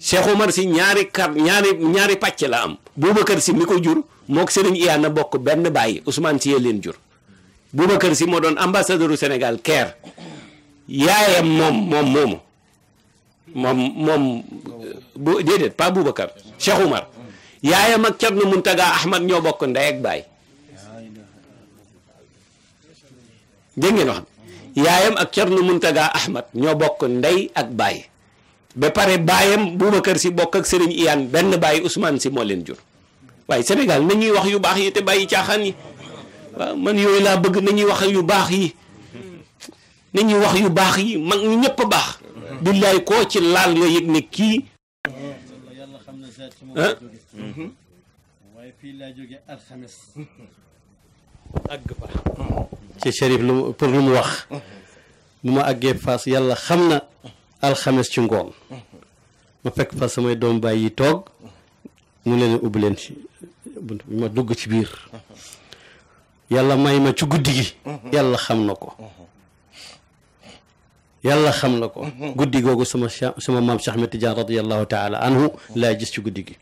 [SPEAKER 2] Cheikh Omar si ñaari kar ñaari ñaari pàcc la am Boubacar si mi ko jur mook Serigne Iyana bokk benn baay Ousmane si yee leen jur Boubacar si moo doon ambassadeur u Sénégal Caire yaayam moom moom moomu moom moom bu déedéet pas Boubacar Cheikh Oumar yaayam ak Cerno Muntaga Ahmad ñoo bokk ndey ak baay dégg ngeen wax yaayam ak Cerno Muntaga Ahmad ñoo bokk ndey ak baay ba pare baayam Boubacar si bokk ak sëriñ Iyane benn baay Ousmane si moo leen jur waaye Sénégal nañuy wax yu baax yi te bàyyi caaxaan yi man yooyu laa bëgg nañuy wax yu baax yi nañuy wax yu baax yi mag ñi baax billaay koo ci laal nga yëg ne kii
[SPEAKER 5] ah waaye fii laa jóge alxames àgg fa ci Chérif lu pour lu mu wax bu ma àggee fas yàlla xam na alxames ci ngoon ma fekk fa samay doom baay yi toog mu leen ubbi leen ma dugg ci biir yàlla may ma ci guddi gi yàlla xam na ko yàlla xam na ko mhm. guddi googu sama sama maam Cheikh Ahmed Tidiane radiallahu taala anhu mhm. laa gis ci guddi gi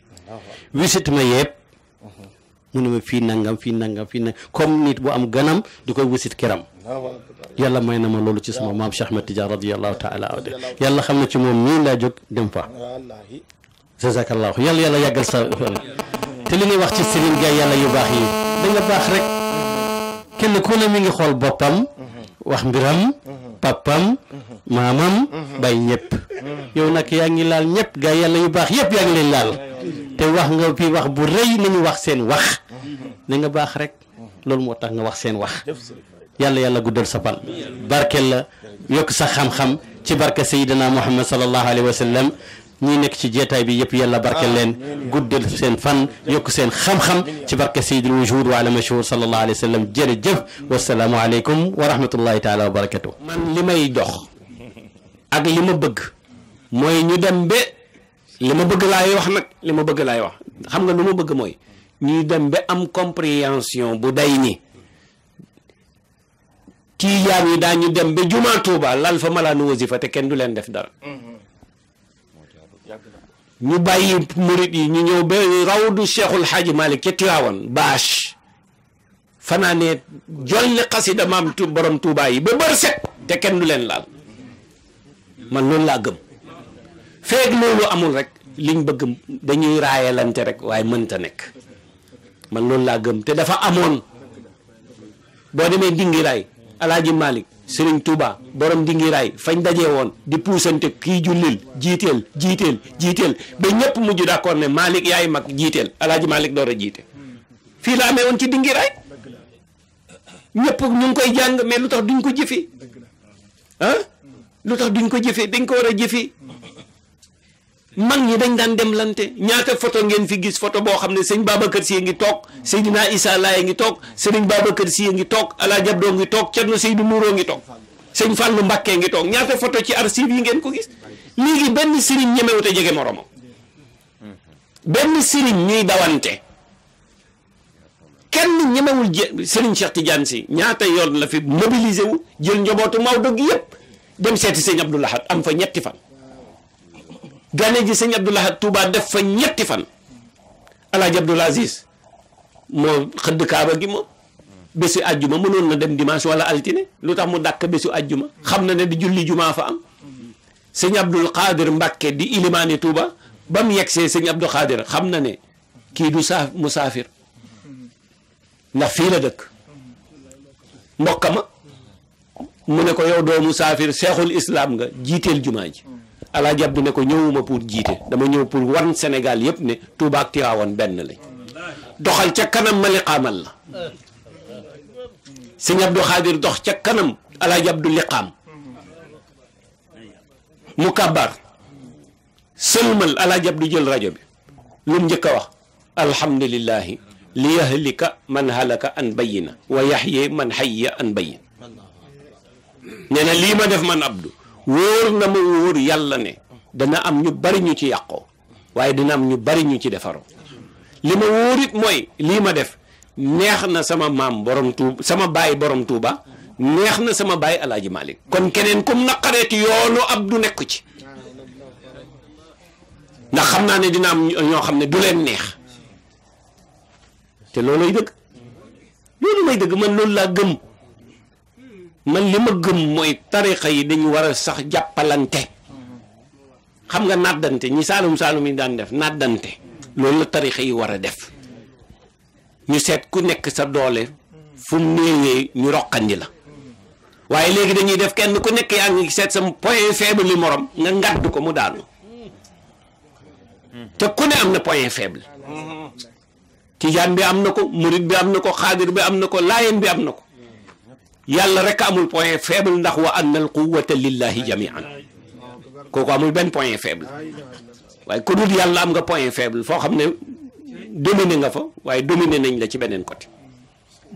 [SPEAKER 5] wisit ma yëpp mhm. mu ne ma fii nangam fii nangam fii nangam comme nit bu am ganam di koy wisit kiram yàlla may na ma loolu ci sama maam Cheikh Ahmed Tidiane radiallahu taala anhu yàlla xam na ci moom nii laa jóg dem fa jazakallahu yàlla yàlla yàggal sa te li ñuy wax ci sëriñ gaay yàlla yu baax yi da nga baax rek kenn ku ne xool boppam wax mbiram papam maamam bay ñëpp yow nag yaa ngi laal ñëpp gaa yàlla yu baax yëpp yaa ngi leen laal te wax nga fi wax bu rëy nañu wax seen wax na nga baax rek loolu moo tax nga wax seen wax yàlla yàlla guddal sa fan barkeel la yokk sa xam-xam ci barke Seydina Muhammad sallallahu alayhi wa sallam ñi nekk ci jeetaay bi yëpp yàlla barkeel leen guddal seen fan yokk seen xam-xam ci barke sayyidul wujud wa ala mashhur sallallahu alayhi wa sallam jërëjëf wasalaamu aleykum wa rahmatullahi taala
[SPEAKER 2] li may dox ak li ma bëgg mooy ñu dem ba li ma bëgg laay wax nag li ma bëgg laay wax xam nga lu ma bëgg mooy ñuy dem ba am compréhension bu day ni tiijaan yi daañu dem ba jumaa Tuuba lal fa malaanu wasifa te kenn du leen def dara mm-hmm. ñu bàyyi murit yi ñu ñëw ba rawdu seexul xaaji malik ca Tiwaawan bâche fanaanee jolli xasida maam tu borom tuubaa yi ba bër set te kenn du leen laal man loolu laa gëm feeg loolu amul rek liñ bëgg dañuy raayalante rek waaye mënta nekk man loolu laa gëm te dafa amoon boo demee dingiraay alaaji malik Sëriñ Touba borom di ngi raay fañ dajee woon di puusante kii jullil jiiteel jiiteel jiiteel ba ñëpp mujj d'accord ne Malick yaay mag jiiteel alaaji Malick door a jiite fii la amee woon ci dingi raay ñëpp ñu ngi koy jàng mais lu tax duñ ko jëfee ah lu tax duñ ko jëfee dañ ko a mag ñi dañ daan dem lante ñaata foto ngeen fi gis foto boo xam ne sëñ Babacar Sy ngi toog Seydina Issa Laye ngi toog sëriñ Babacar Sy ngi toog Alaaji Abdou ngi toog Cerno Seydou Nouroo ngi toog sëñ Fallou Mbacké ngi toog ñaata foto ci archive yi ngeen ko gis léegi benn sëriñ ñemewut a jege moromam benn sëriñ ñuy dawante kenn ñemewul je sëriñ Cheikh Tidiane Sy ñaata yoon la fi mobilisé wu jël njobootu Maodo gi yëpp dem seeti sëñ Abdou Lahad am fa ñetti fan gane ji sëñ Abdou Lahad Touba def fa ñetti fan alaaji Abdoul Aziz moo xëdd kaaba gi moom bésu ajjuma mënoon na dem dimanche wala altine lu tax mu dàkk bésu ajjuma xam na ne di julli jumaa fa am sëñ Abdul Xaadir Mbàkke di ilimaani Touba ba mu yegsee sëñ Abdou Xaadir xam na ne kii du saa musaafir ndax fii la dëkk mbokka ma mu ne ko yow doo musaafir seexul islaam nga jiiteel jumaa ji Alaaji Abdu ne ko ñëwuma pour jiite dama ñëw pour wan senegal yëpp ne Touba ak Tiwaawan benn doxal ca kanam ma liqaamal la sëñ Abdou Xaadir dox ca kanam Alaaji Abdu liqaam mu kàbbaar sëlmal Alaaji Abdu jël rajo bi lu mu njëkk a wax alhamdulillahi li yahlika man halaka an bayina wa yaxye man xayya an bayina nee lii ma def man Abdou wóor na ma wóor yàlla ne dana am ñu bari ñu ci yàqoo waaye dina am ñu bari ñu ci defaroo li ma wóorit mooy lii ma def neex na sama maam borom sama baay borom tuuba neex na sama baay alaaji Malick kon keneen kum naqareeti yoonu ab du nekku ci ndax xam naa ne dina am ñoo xam ne du leen neex te loolooy dëgg loolu may dëgg man loolu laa gëm man li ma gëm mooy tarixa yi dañu war a sax jàppalante xam nga nàddante ñi saalum saalum yi daan def nàddante loolu la tarixa yi war a def ñu seet ku nekk sa doole fu mu néewee ñu roqandi la waaye léegi dañuy def kenn ku nekk yaa ngi seet sa point faible li morom nga ngàdd ko mu daanu te ku ne am na point faible
[SPEAKER 1] mm-hmm.
[SPEAKER 2] tijaan bi am na ko murit bi am na ko xaadir bi am na ko laayeen bi am na ko yàlla rek amul point faible ndax wa anna al quwwata lillahi jamian kooku amul benn point faible waaye ku dul yàlla am nga point faible foo xam ne dominé nga fa waaye dominé nañ la ci beneen côté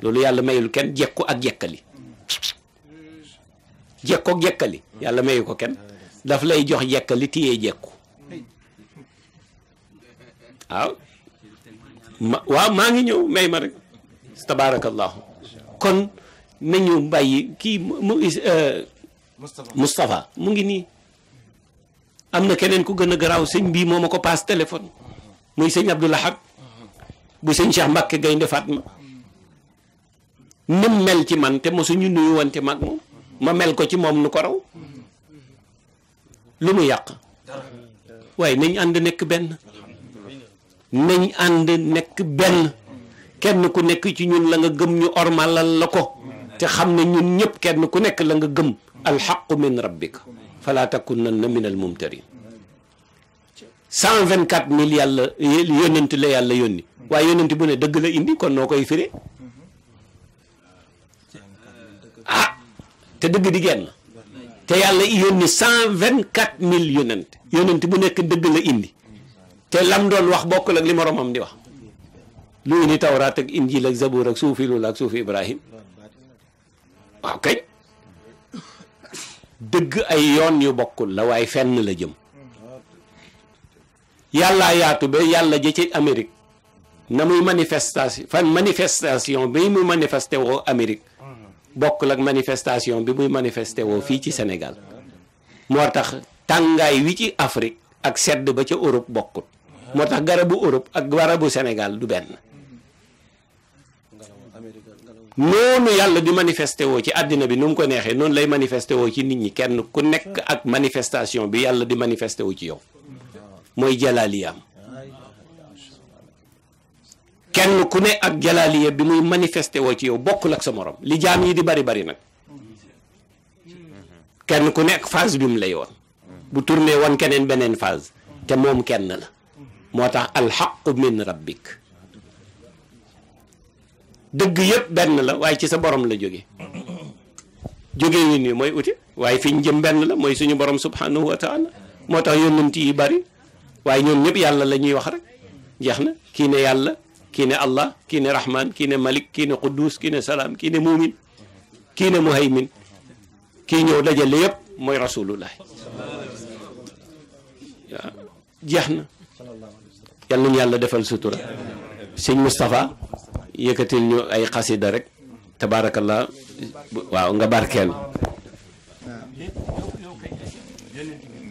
[SPEAKER 2] loolu yàlla mayul kenn jekku ak jekkali jekku ak jekkali yàlla mayu ko kenn daf lay jox jekkali téyee jekku waaw ma waaw maa ngi ñëw may ma rek tabarakallahu kon nañu bàyyi kii mu euh, Moustapha mu ngi nii am na keneen ku gën a garaaw sëñ bii moo ma ko paas téléphone muy sëñ Abdou bu sëñ Cheikh Mbacke Gaynde Fatma nim mel ci man te mosuñu nuyu wante mag moom ma mel ko ci moom nu ko raw lu mu yàq waaye nañ ànd nekk benn nañ ànd nekk benn kenn ku nekk ci ñun la nga gëm ñu ormalal la ko te xam ne ñun ñëpp kenn ku nekk la nga gëm alxaqu min rabbika fala takunanna min al mumtarin cent vingt quatre mille yàlla yónnent la yàlla yónni waaye yónnent bu ne dëgg la indi kon noo koy firi ah, te dëgg di genn te yàlla yónni cent vingt quatre mille yónnent yónnent bu nekk dëgg la indi te am doon wax bokkul ak li moromam di wax lu indi tawraat ak injil ak zabuur ak suufi loolu ak suufi ibrahim waaw kañ dëgg ay yoon yu bokkul la waaye fenn la jëm yàllaa yaatu ba yàlla ja ci Amérique na muy manifestation fan manifestation bi muy manifesté woo Amérique bokkul ak manifestation bi muy manifesté woo fii ci senegal moo tax tàngaay wi ci Afrique ak sedd ba ca Europe bokkut moo tax garabu Europe ak garabu Sénégal du benn noonu yàlla di manifesté woo ci àddina bi nu mu ko neexee noonu lay manifesté woo ci nit ñi kenn ku nekk ak manifestation bi yàlla di manifesté woo ci yow mooy jalaaliyaam kenn ku ne ak jalaaliya bi muy manifesté woo ci yow bokkul ak sa moroom li jaam yi di bari bari nag kenn ku nekk phase bi mu lay woon bu tourné woon keneen beneen phase te moom kenn la moo tax alxaqu min rabbik dëgg yëpp benn la waaye ci sa borom la jóge jóge wu nii mooy uti waaye fi ñu jëm benn la mooy suñu borom subhanahu wa taala moo tax yónnent yi bari waaye ñoom ñëpp yàlla la ñuy wax rek jeex na kii ne yàlla kii ne allah kii ne rahman kii ne malik kii ne quddus kii ne salaam kii ne muumin kii ne muhaymin kii ñëw dajale yëpp mooy rasulullah waaw jeex na yal nañu yàlla defal sutura sëñ Moustapha yëkkatil ñu ay xasida rek
[SPEAKER 4] tabaarakallah
[SPEAKER 2] waaw nga barkeel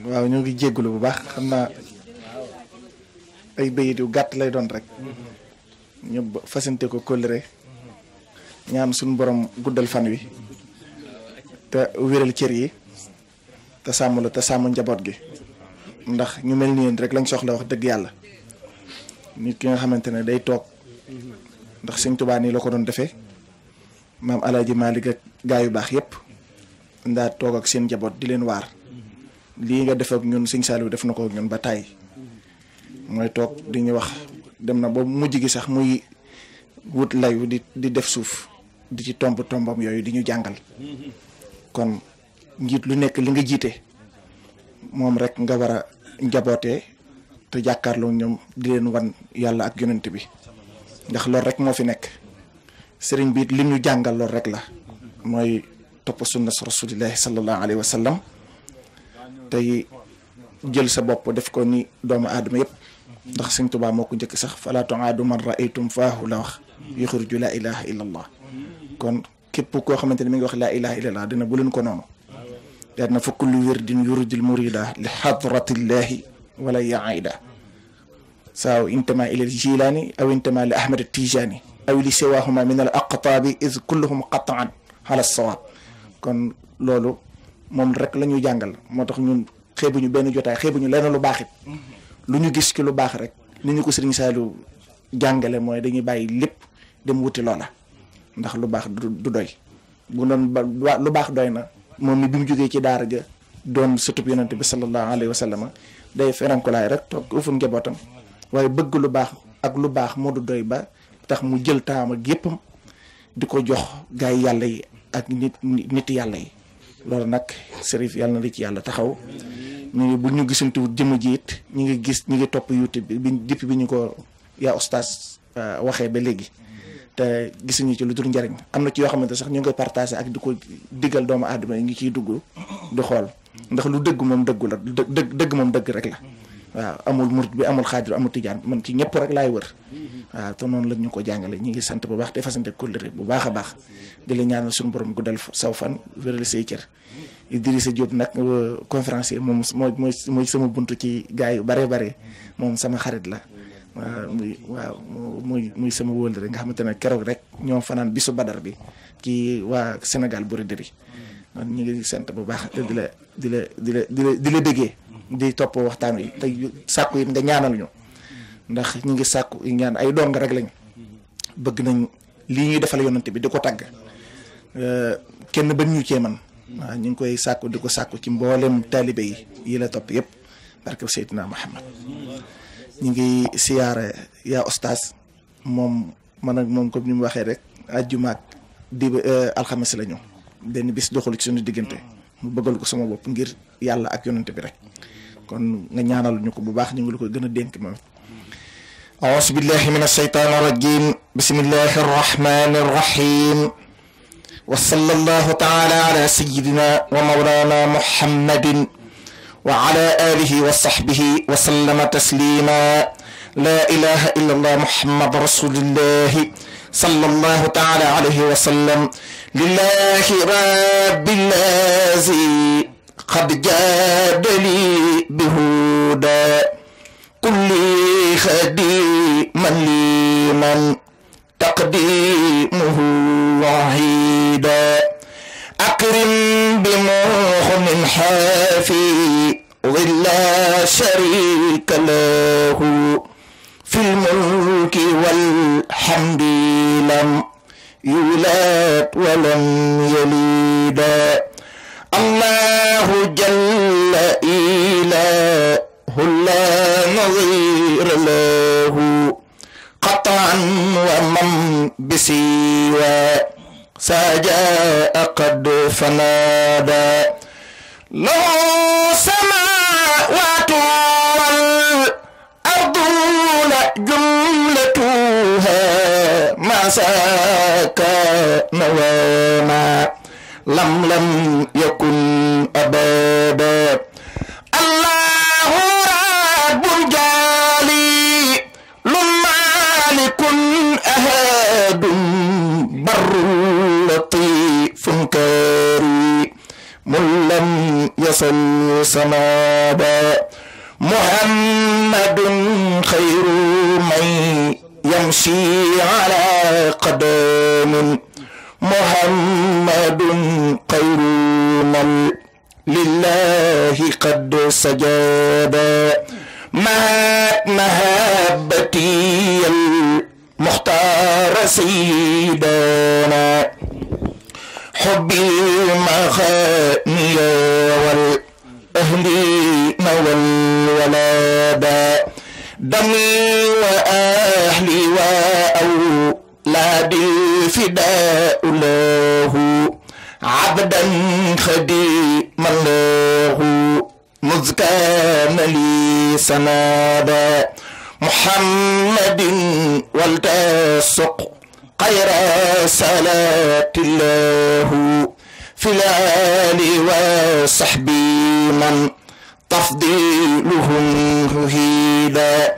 [SPEAKER 4] waaw ñoo ngi jéggulu bu baax xam naa ay bayit yu gàtt lay doon rek ñu fasante ko kóllëre ñaan suñu borom guddal fan wi te wéral cër yi te sàmm la te sàmm njaboot gi ndax ñu mel nii rek lañ soxla wax dëgg yàlla nit ki nga xamante ne day toog ndax sëñ Tuubaa nii la ko doon defee maam alaaji Maalik ak gaa yu baax yépp ndaa toog ak seen njaboot di leen waar lii nga def ak ñun sëñ Saliou def na ko ak ñun ba tàyyi mooy toog di ñu wax dem na ba mu gi sax muy wut layu di di def suuf di ci tomb tombam yooyu di ñu jàngal kon njiit lu nekk li nga jiite moom rekk nga war a njabootee te jàkkaarloo ñoom di leen wan yàlla ak yonent bi ndax loolu rek moo fi nekk sëriñ bi li ñu jàngal loolu rek la mooy topp sunna rasulillahi sallallahu alayhi wa sallam tey jël sa bopp def ko ni doomu aadama yëpp ndax sëñ Tuubaa moo ko njëkk sax fala tuaadu man raaytum faahu la wax yuxriju laa ilaha illa allah kon képp koo xamante ne mi ngi wax laa ilaha illa allah dina bu ko noonu daat na fa kullu wirdin yuridil murida li xadratillahi wala yaida sawa intama ila aljilani aw intama li ahmad altijani aw li siwahuma min al aqtabi id kulluhum qataan ala sawab kon loolu moom rek lañuy jàngal moo tax ñun xeebuñu benn jotaay ñu lenn lu baax lu ñu gis ci lu baax rek ni ñu ko sëriñ lu jàngale mooy dañuy bàyyi lépp dem wuti loola ndax lu baax du doy bu doon ba lu baax doy na moom mi bi mu jógee ci daara ja doon sëtub yonent bi sallallahu alayhi wa sallam day ferenkulaay waaye bëgg lu baax ak lu baax moo du doy ba tax mu jël taam ak di ko jox gaay yàlla yi ak nit nit yàlla yi loolu nag Serif yàlla na la ci yàlla taxaw ñu bu ñu gisantuwut jëmm ji it ñu ngi gis ñu ngi topp YouTube bi depuis bi ñu ko yaa oustaz euh, waxee ba léegi te gisuñu ci lu dul njariñ am na ci yoo xamante sax ñu ngi koy partagé ak di ko diggal doomu aadama yi ngi ciy dugg di xool ndax lu dëgg moom dëggu la dëgg moom dëgg rek la waaw amul murit bi amul xaadir amul tijaan man ci ñëpp rek laay wër waaw te noonu la ñu ko jàngale ñu ngi sant bu baax te fasante kóllëre bu baax a baax di la ñaanal suñu borom guddal saw fan wéral say cër Idrissa Diop nag euh, conférencier moom moo mooy mooy sama buntu ci gars yu bare bare moom sama xarit la waaw muy waaw muy muy sama wóol rek nga xamante ne keroog rek ñoo fanaan bisu badar bi ci waa Sénégal Borderie ñu ngi sant bu baax te di la di la di la di la di la déggee di topp waxtaan wi te sàkku yi nga ñaanal ñu ndax ñu ngi sàkku ñaan ay dong rek lañ bëgg nañ lii ñuy defal yonante bi di ko tàgg euh, kenn bañ ñu cee man waaw ñu ngi koy sàkku di ko sàkku ci mboolem taalibe yi yi la topp yëpp barke Seydina Muhammad ñu ngi siyaare yaa ostaas moom man ak moom ko ni mu waxee rek àjjuma ak di euh, alxames lañu ñu benn bis doxalu ci suñu diggante mu bëggal ko sama bopp ngir yàlla ak yonent bi rek kon nga ñaanal ñu ko bu baax ñu ngi la koy gën a dénk moom أعوذ بالله من الشيطان الرجيم بسم الله الرحمن الرحيم وصلى الله تعالى على سيدنا ومولانا محمد وعلى آله وصحبه وسلم تسليما لا إله
[SPEAKER 3] إلا الله محمد رسول الله صلى الله تعالى عليه وسلم lillahi rabbil lazi qad jadali bihuda kulli khadiman liman taqdimuhu wahida أكرم بمؤمن حافي ولا شريك له في الملك والحمد لله يولد ولم يلد الله جل إله لا نظير له قطعا ومن بسوى سجاء قد فنادى له سماوات والأرض جملتها ما ساك نواما لم لم يكن أبدا الله رب جالي لمالك أهاد بر لطيف كريم من لم يصل سمادا محمد أمسي على قدام محمد خير من لله قد سجد مع مهبتي المختار سيدنا حبي المغانية والأهلين والولادة دمي وأهلي وأولادي فداء له عبدا خديما له مذ كان لي سنادا محمد والتسق خير صلاة الله في الآل وصحبي من تفضيلهم رهيلا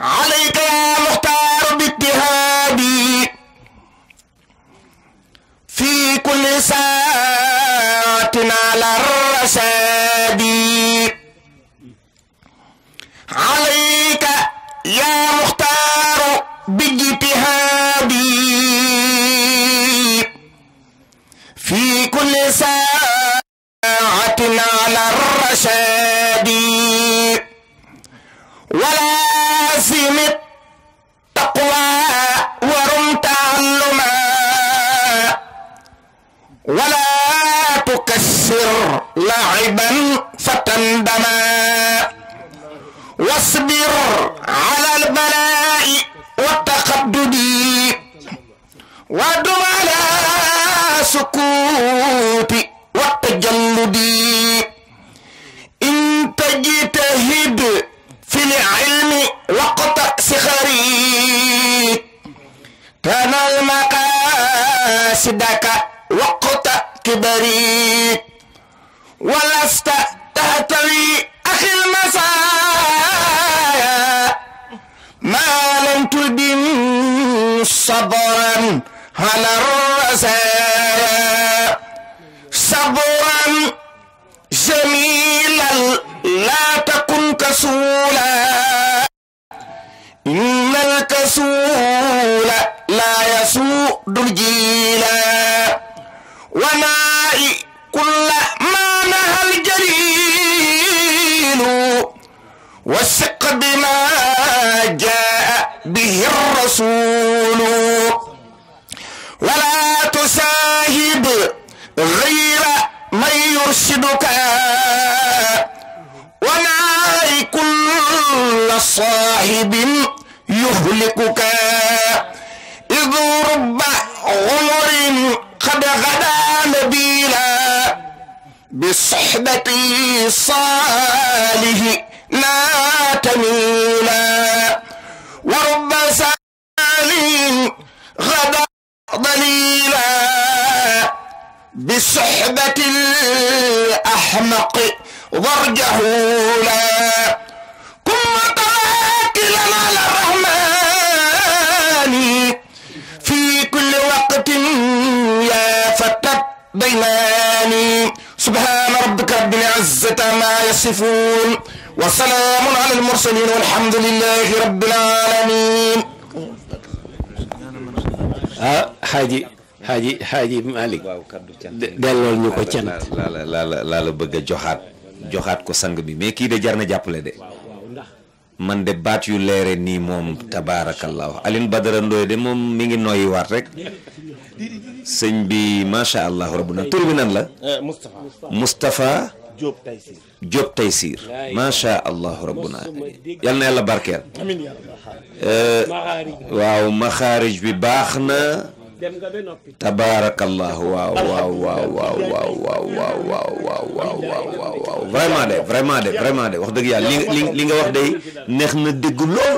[SPEAKER 3] عليك يا مختار باجتهادي في كل ساعة على الرشاد عليك يا مختار باجتهادي في كل ساعة على الرشاد رشادي ولازم التقوى ورم تعلما ولا تكسر لعبا فتندما واصبر على البلاء والتقدد ودم على سكوت والتجلد wajitahid
[SPEAKER 2] xaaji xaaji Malick dellool ñu ko cant laa la laa la bëgg joxaat joxaat ko sang bi mais kii de jar na jàppale de man de baat yu leere nii moom tabaarakallahu Alioune Badara Ndoye de moom mi ngi noyyi waat rek sëñ bi macha allah rabbuna tur bi nan la eh, Moustapha Diop Taysiir macha allah rabbuna yal na yàlla barkeel eh, waaw maxaarij bi baax na dem nga ba noppi tabaarakallahu waaw waaw waaw waaw waaw waaw waaw waaw
[SPEAKER 1] waaw waaw waaw waaw vraiment de vraiment de vraiment de wax dëgg yàlla li li li nga wax day
[SPEAKER 2] neex na dégg lool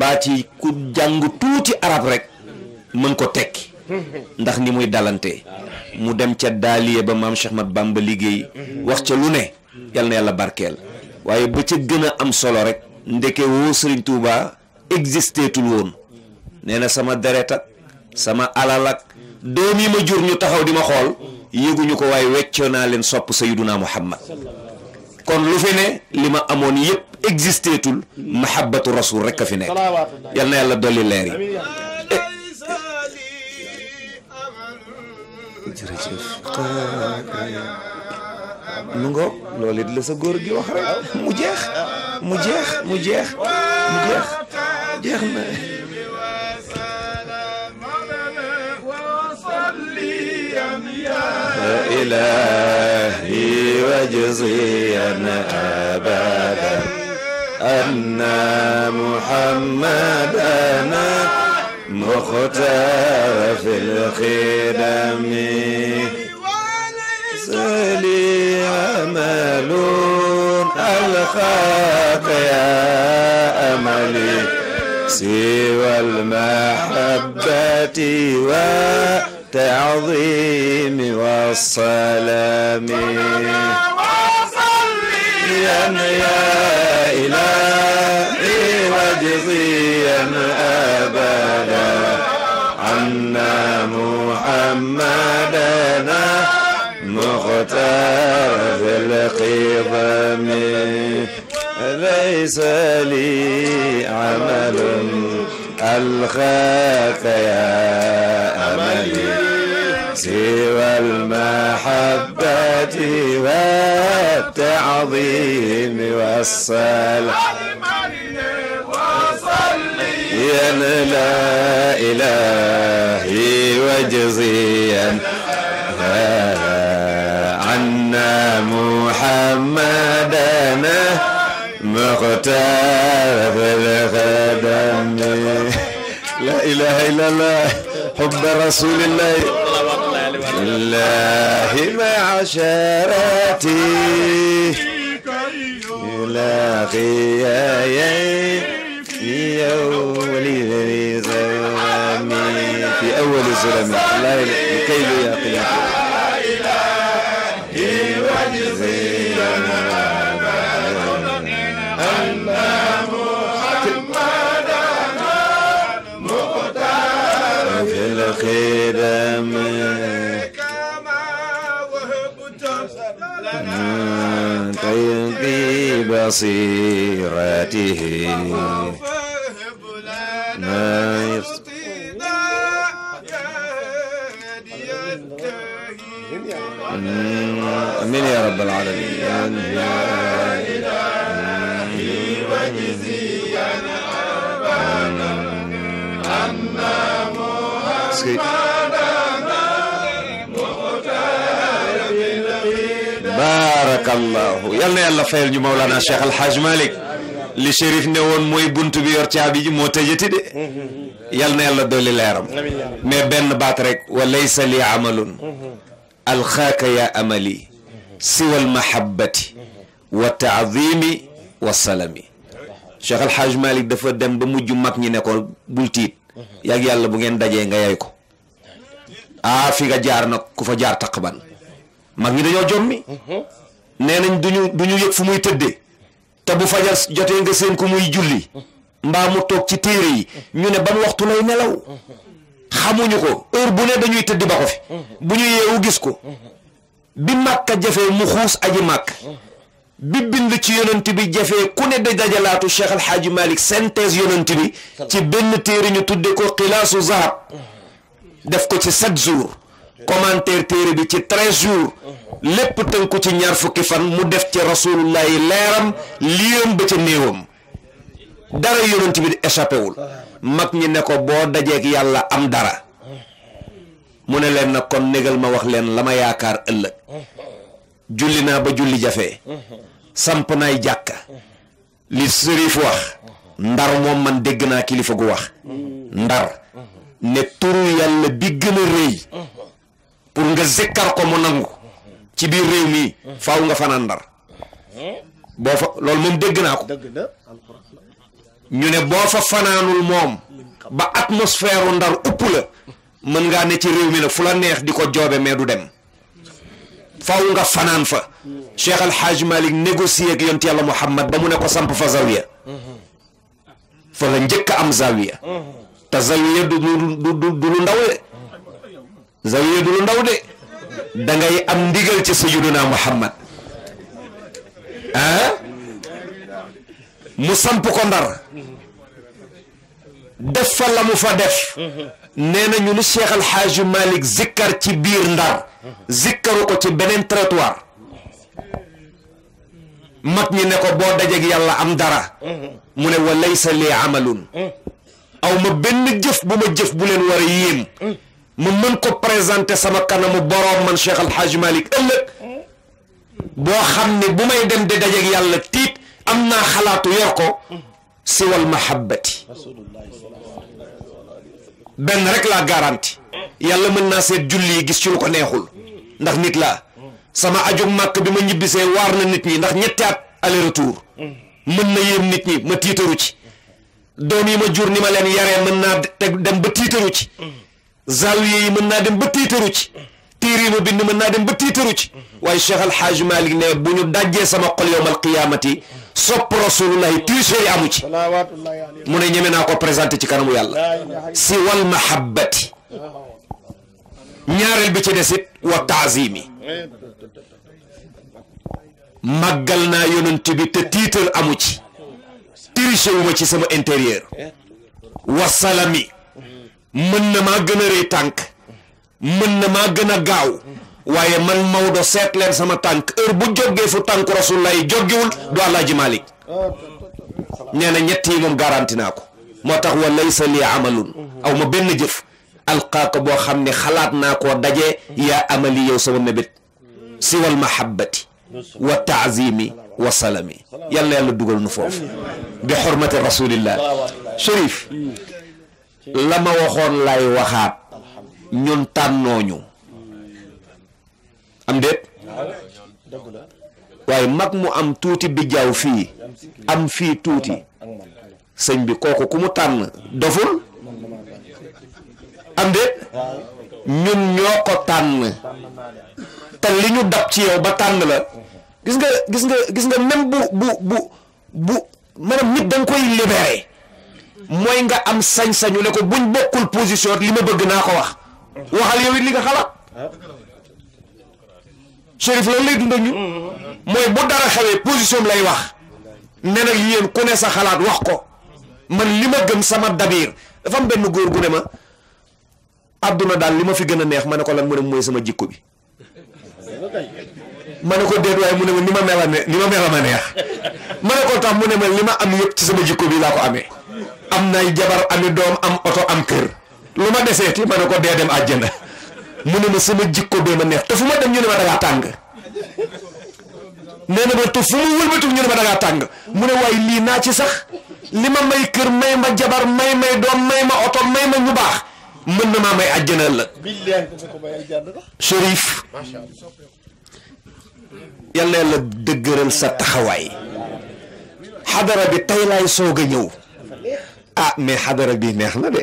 [SPEAKER 2] baa ci ku jàng tuuti arab rek mën ko tekki ndax ni muy dalante mu dem ca daaliye ba maam Cheikh Mat Bamba liggéey wax ca lu ne yal na yàlla barkeel waaye ba ca gën a am solo rek ndeke woo Serigne Touba existeetul woon nee na sama deret ak sama alal ak doom yi ma jur ñu taxaw di ma xool yéguñu ko waaye weccoo naa leen sopp sayyiduna muhammad kon lu fi ne li ma amoon yëpp existeetul mahabbatu rasul rek a fi nekk
[SPEAKER 6] yal na yàlla dolli leer yi jërëjëf loolu it sa góor
[SPEAKER 2] gi wax rek mu jeex
[SPEAKER 3] mu jeex mu jeex mu jeex jeex na
[SPEAKER 6] إلهي واجزيا أبدا أن محمدنا مختار في الخدم سلي عملون الخاق يا أملي سوى المحبة والمحبة التعظيم والسلام وصليا يا إلهي واجزيا أبدا عنا محمدنا مختار في القضم ليس لي عمل الخاك يا أملي سوى المحبة والتعظيم والصلاة يا لا إلهي وجزيا عنا محمدنا مختار في الخدم لا إله إلا الله حب رسول الله إلهي مع شراتي يلاقي في أول زلمي في أول زلمي لا لكي يلاقي إلهي وجزينا خير من كيدي بصيرته ما امين يا رب العالمين يا
[SPEAKER 1] الهي وجزيا
[SPEAKER 3] ابدا عما محمد
[SPEAKER 2] tabaarakallahu yal na yàlla fayal ñu Mawlana Cheikh Al Hadj Malick li shérif ne woon mooy bunt bi yor caabi ji moo tëjati de yal na yàlla dolli leeram mais benn baat rek wa laysa li amalun alxaaka ya amali siwa almahabati wa taadimi wa salami Cheikh Al Hadj Malick dafa dem ba mujj mag ñi ne ko bul tiit yàgg yàlla bu ngeen dajee nga yay ko fi nga jaar jaar taqban mag ñi dañoo jommi. Mhm. nee nañ duñu du ñu yëg fu muy tëddee. te bu fajar jotee nga seen ko muy julli. Mhm. mbaa mu toog ci téere yi. Mhm. ñu ne ban waxtu lay nelaw. xamuñu ko heure bu ne dañuy tëdd ba ko fi. bu ñu yeewu gis ko. bi màkka jafee mu xuus aji màkk. bi bind ci yonent bi jafee ku ne da dajalaatu Cheikh Al Hadj Malick synthèse yonent bi. ci benn téere ñu tudde ko xilaasu zahab. def ko ci sept jours. commentaire téere bi ci treize jours lépp tënku ci ñaar fukki fan mu def ci rasulullahi leeram liyam ba ca néewam dara yonent bi échappé wul mag ñi ne ko boo dajeek yàlla am dara mu ne leen na kon négal ma wax leen la ma yaakaar ëllëg julli naa ba julli jafe samp naay jàkka li sëriif wax ndar moom man dégg naa kilifa gu wax ndar ne turu yàlla bi gën a pour nga zikkar ko mu nangu ci biir réew mii faw nga fanaan ndar boo fa loolu moom dégg naa ko ñu ne boo fa fanaanul moom ba atmosphère ndar upp la mën ngaa ne ci réew mi nag fu la neex di ko joobe mais du dem faaw nga fanaan fa Cheikh Al Hadj Malick négocié ak yonti yàlla Muhammad ba mu ne ko samp fa zawiya fa la njëkk am zawiya te zawiya du du du du lu ndaw zawiya du ndaw de da am ndigal ci sayyiduna muhammad ah mu samp ko ndar
[SPEAKER 3] def fa la mu fa def nee na ñu li Cheikh Al zikkar ci biir
[SPEAKER 2] ndar zikkaru ko ci beneen trottoir mag ñi ne ko boo dajeeg yàlla am dara mu ne wa laysa lii amalun aw ma benn jëf bu ma jëf bu leen war ma mën ko présenter sama kanamu boroom man Cheikh Al Hadj Malick boo xam ne bu may dem di dajeeg yàlla tiit am naa xalaatu yor ko si benn rek laa garanti yàlla mën naa seet julli yi gis ci lu ko neexul ndax nit laa sama aju màkk bi ma ñibbisee waar na nit ñi ndax ñetti at aller retour mën na yéem nit ñi ma tiitaru ci doom yi ma jur ni ma leen yare mën naa dem ba tiitaru ci zaawiye yi mën naa dem ba tiitaru ci tiir yi ma bind mën naa dem ba tiitaru ci waaye Cheikh Al Hadj Malick ne bu ñu dajjee sama xol yowmal qiyaamati sopp rasulullahi tricherie amu ci mu ne ñeme naa ko présenté ci kanamu yàlla si wal mahabbati ñaareel bi de desit wa taazimi màggal naa yonent bi te tiitar amu ci triché wu ci sama intérieur wa salami mën na maa gën a rëy tànk mën na maa gën a gaaw waaye man Maodo seet leen sama tànk heure bu jógee fu tànk Rasulullah lay jógewul du Alaaji Malik nee na ñett yi moom garanti naa ko moo tax wa laysa lii amalun aw ma benn jëf alqaaka boo xam ne xalaat naa koo daje yaa amali yow sama mébét siwal mahabbati wa taazimi wa salami yàlla yàlla dugal nu foofu bi xurmati rasulillah Chérif la ma waxoon lay waxaat ñun tànnooñu am déet waaye mag mu am tuuti bijjaaw fii am fii tuuti sëñ bi kooku ku mu tànn doful am déet ñun ñoo ko tànn te li ñu dab ci yow ba tànn la gis nga gis nga gis nga même bu bu bu bu maanaam nit da koy libéré mooy nga am
[SPEAKER 3] sañ-sañu ne ko buñ bokkul position li ma bëgg naa ko wax
[SPEAKER 1] waxal yow it li nga
[SPEAKER 3] xalaat
[SPEAKER 2] Chérif lan lay dund ak ñun mooy bu dara xewee position lay wax ne nag yéen ku ne sa xalaat wax ko man li ma gën sama dabir dafa am benn góor gu ne ma àdduna daal li ma fi gën a neex ma ne ko lan mu ne mooy sama jikko bi ma ne ko déet waaye mu ne ma ni ma mel a ni ma mel ma
[SPEAKER 3] neex ko tax mu ne ma li ma am yëpp ci sama jikko bi laa ko amee am nay jabar ami
[SPEAKER 2] doom am oto am kër lu ma deseeti ma ne ko dee dem àjjana mu ne ma sama jikko bee ma neex te fu ma dem ñu ne ma dangaa tàng nee na ma te fu mu wëlbatu
[SPEAKER 3] ñu ne ma dangaa tàng mu ne waaye lii naa ci sax li ma may kër may ma jabar may may doom
[SPEAKER 2] may ma oto may ma ñu baax mën na maa may àjjana la Chérif yàlla yàlla dëggëral sa taxawaay xadara bi tey laay soog a ñëw ah mais xadara bi neex na de.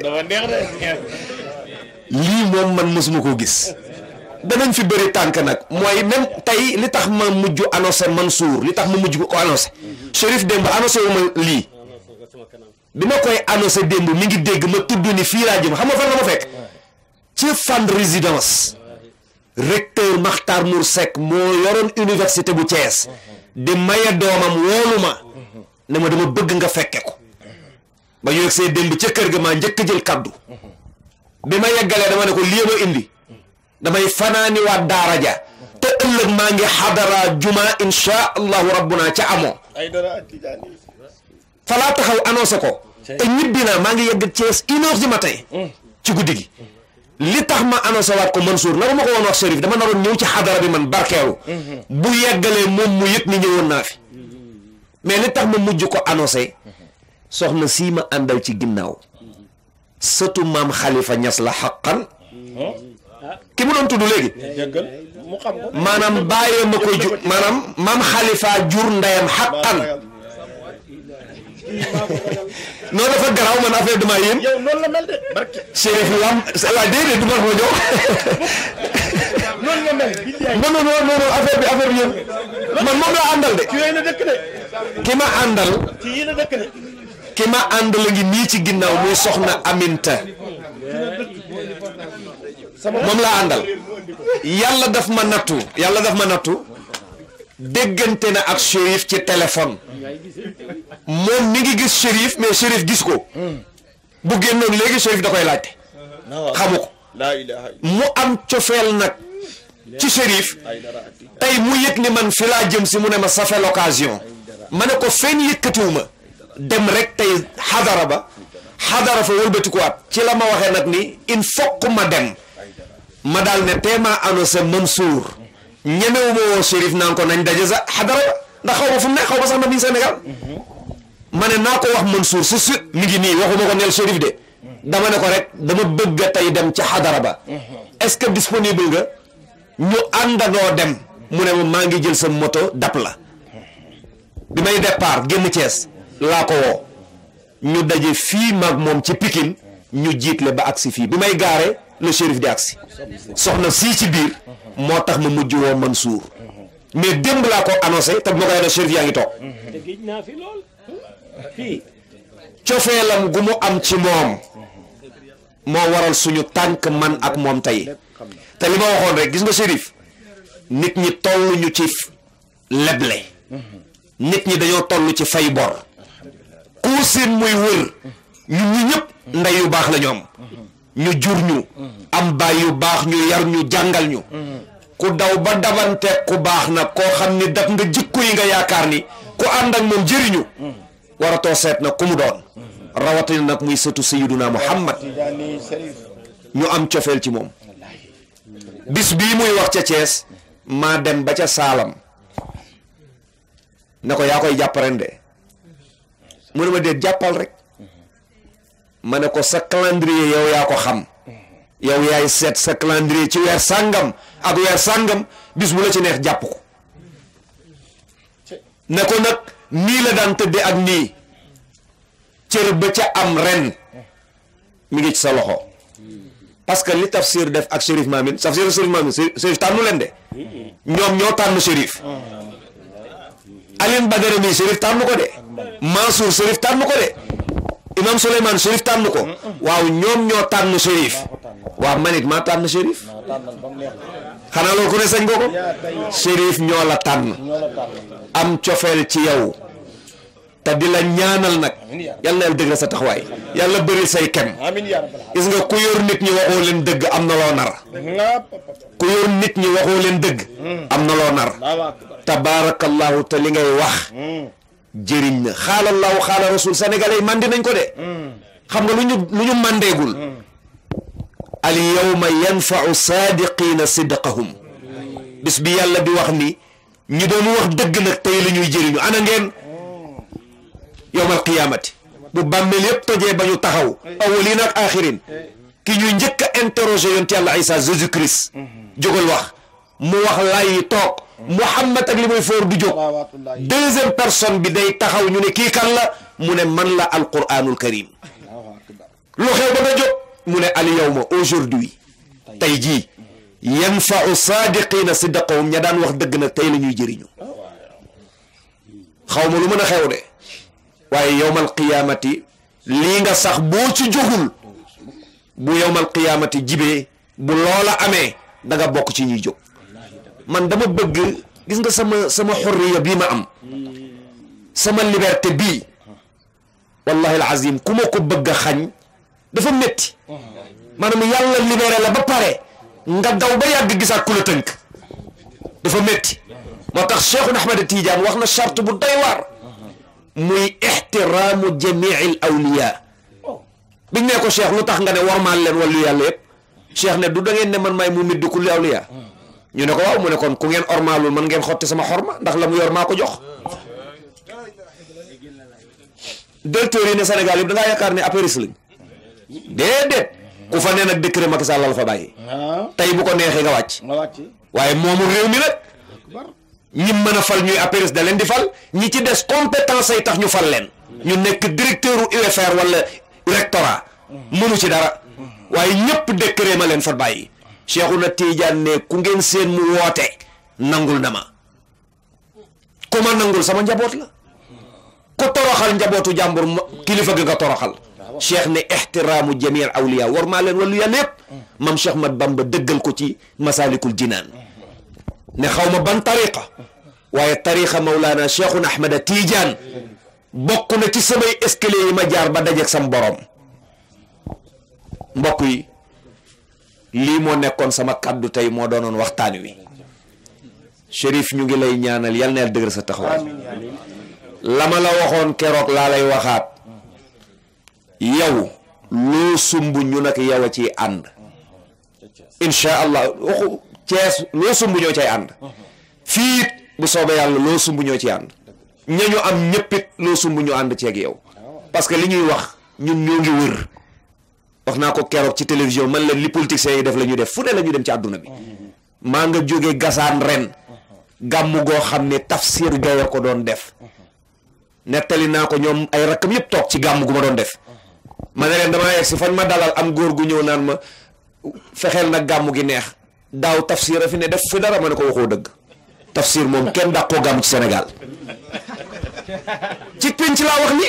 [SPEAKER 2] lii moom man mosuma koo gis. danañ fi bëri tànk nag mooy même tey li tax ma mujj annoncé Mansour li tax ma mujj ko annoncé. Chérif démb annoncé ma lii. bi ma koy annoncé démb mi ngi dégg ma tudd ni fii laa jëm xam nga fan la ma fekk. ci fan résidence. recteur Makhtar Nour Seck moo yoroon université bu Thiès. di maye doomam woolu ma. ne ma dama bëgg nga fekke ko. ba ñu yegsee démb ca kër ga ma njëkk jël kaddu bi ma yeggalee dama ne ko lii ma indi damay fanaani waat daara ja te ëllëg maa ngi xadara juma insha allahu rabbuna ca amoo falaa taxaw annoncé ko te ñibbi naa maa ngi yegg Thiès une heure ci guddi gi li tax ma annoncé waat ko Mansour la ma ko woon wax Chérif dama naroon ñëw ci xadara bi man barkeeru bu yeggalee moom mu yëg ni ñëwoon naa fi li tax ma mujj ko annoncé soxna sii ma àndal ci ginnaaw sëtu maam xalifa ñas la xaqan ki mu doon tudd léegi maanaam bàyyee ma ko jur maanaam maam xalifa jur ndeyam xaqan
[SPEAKER 3] non dafa garaaw man affaire dama yéen lam waaw déedéet du ma la ko jox noonu la bi affaire bi yéen
[SPEAKER 4] man moom laa de
[SPEAKER 3] kii ma àndal kii la ki ma àndal ngi nii ci ginnaaw muy soxna
[SPEAKER 2] Aminta moom laa àndal yàlla daf ma nattu yàlla daf ma nattu déggante na ak shérif ci téléphone moom mi ngi gis shérif mais shérif gis ko bu génnoon léegi shérif da koy laajte xamu ko mu am cofeel nag ci shérif tey mu yëg ni man fi laa jëm si mu ne ma ça fait l'occasion ma ne ko fenn yëkkatiwuma dem rek tey xadara ba xadara fa wëlbatikuwaat ci la ma waxee nag ni il faut ma dem ma daal ne teemaa annoncé Mansour ñemewu ma woo Chérif naan ko nañ daje sa xadara ndax xaw ma fu mu ne xaw ma sax na mi ngi Sénégal ma ne naa ko wax Mansour su suite mi ngi nii waxuma ko neel Chérif de dama ne ko rek dama bëgg a tey dem ci xadara ba est-ce que disponible nga ñu àndandoo dem mu ne ma maa ngi jël sa moto dap la bi may départ génn Thiès laa ko ñu daje fii maag moom ci Pikine ñu jiitle ba aksi fii bi may gaare le shérif di agsi soxna sii ci biir moo tax ma mujj woo Mansour mais démb laa ko annoncé te bu ma koy ne shérif mu am ci moom waral suñu tànk man ak moom tey te li ma waxoon rek gis nga shérif nit ñi toll ñu ci leble nit ñi dañoo toll ci fay bor koo seen muy wër ñun ñu ñëpp ndey yu baax la ñu am ñu jur ñu am baay yu baax ñu yar ñu jàngal ñu ku daw ba dabante ku baax na koo xam ni daf nga jikko yi nga yaakaar ni ku ànd ak moom jëriñu waratoo seet nag ku mu doon rawatina nag muy sëtu sayiduna muhammad ñu am cofeel ci moom bis bii muy wax ca cees maa dem ba ca saalam ne ko yaa koy jàpp de mu ne ma déet jàppal rek ma ne ko sa calendrier yow yaa ko xam yow yaay seet sa calendrier ci weer sàngam ak weer sàngam bis bu la ci neex jàpp ko ne ko nag nii la daan tëdde ak nii cër ba ca am ren mi ngi ci sa loxo parce que li tafsir def ak shérif Mamin tafsir shérif Mamin shérif tànnu leen de ñoom ñoo tànn shérif Alioune Badara mii Serif tànn ko de Mansour Serif tànn ko de Imam Souleymane Serif tànn ko waaw ñoom ñoo tànn Serif waaw man maa tànn Serif
[SPEAKER 4] xanaa loolu ku ne sañ
[SPEAKER 2] la tànn am ci yow te di la ñaanal nag yal na sa taxawaay yàlla bëri say kem gis nga ku nit ñi waxoo leen dëgg am na loo nar ku nit ñi waxoo leen dëgg am na loo nar. tabaarakallaahu te li ngay wax hmm. jëriñ na xaalallaahu xaala rasul sénégalais yi mandi nañ ko de hmm. xam nga lu ñu lu ñu mandeegul hmm. al yawma yanfau saadiqiina sidqahum bis bi yàlla bi wax ni ñi doon wax dëgg nag tey la ñuy jëriñu ana ngeen yowmal qiyaamati bu bàmmeel yépp tojee ba ñu taxaw awalin ak axirin ki ñuy njëkk a interroger yonent yàlla Isa Jésus Christ jógal wax mu wax lay toog Muhammad ak li muy foor du jóg deuxième personne bi day taxaw ñu ne kii kan la mu ne man la alquranul karim lu xew ba nga jóg mu ne al yawma aujourd'hui tey jii yanfau saadiqina sidaqahum ña daan wax dëgg na tey la ñuy jëriñu lu mën a xew de waaye yawmal qiyaamati lii nga sax boo ci jógul bu yawmal qiyaamati jibee bu loola amee da bokk ci ñuy jóg man dama bëgg gis nga sama sama xurriya bii ma am sama liberté bi wallahi alazim ku ma ko bëgg a xañ dafa métti maanaam yàlla libéré la ba pare nga daw ba yàgg gisaat ku la tënk dafa metti moo tax Cheikhul Ahmed Tidiane wax na charte bu doy waar muy ixtiraamu jamiil awliya biñ ne ko lu tax nga ne warmaal leen wàllu yàlla yëpp cheikh ne du da ngeen ne man maay mu middu kulli awliya ñu ne ko waaw mu ne kon ku ngeen ormaalul man ngeen xotti sama xorma ndax la mu yor maa ko jox directeur yi ne Sénégal yëpp da ngaa yaakaar ne apéris lañ déedéet ku fa ne nag décret Macky Sall la fa bàyyi
[SPEAKER 4] ah. tey bu ko neexee nga wàcc
[SPEAKER 2] waaye moomu réew mi nag ñi mën a fal ñuy appérise da leen di fal ñi ci des compétence yi tax ñu fal leen ñu nekk directeur u fair wala rectorat mm-hmm. mënu ci dara mm-hmm. waaye ñëpp décret ma leen fa bàyyi Cheikhuna Tidiane ne ku ngeen seen mu woote nangul na ma ku ma nangul sama njaboot la ku toroxal njabootu jàmbur kilifa gi nga toroxal cheikh ne ixtiraamu jamii awliya war maa leen walu yàlla yépp mam cheikh mat bamba dëggal ko ci masalikul jinaan ne xaw ma ban tariqa waaye tariqa maulana cheikhuna ahmada tiijaan bokk na ci samay escalier yi ma jaar ba dajeeg sam borom yi lii moo nekkoon sama kàddu tey moo doonoon waxtaan wi Chérif ñu ngi lay ñaanal yal na dëgër sa taxawaay la ma la waxoon keroog laa lay waxaat yow loo sumb ñu nag yow ci ànd incha allah waxu Cees loo sumb ñoo cay ànd fii bu soobee yàlla loo sumb ñoo ciy ànd ña ñu am ñëppit loo sumb ñu ànd ceeg yow parce li ñuy wax ñun ñoo ngi wër. wax naa ko keroog ci télévision man leen li politiciens yi def la ñuy def fu ne la ñuy dem ci àdduna bi maa nga jóge gasaan ren gàmmu goo xam ne tafsir jooy ko doon def nettali naa ko ñoom ay rakkam yëpp toog ci gàmm gu ma doon def ma ne leen damaa yegg si fañ ma dalal am góor gu ñëw naan ma fexeel nag gàmm gi neex daaw tafsir a fi ne def fi dara ma ne ko waxoo dëgg tafsir moom kenn dàqoo gàmm ci senegal
[SPEAKER 1] (laughs)
[SPEAKER 2] ci pénc laa wax ni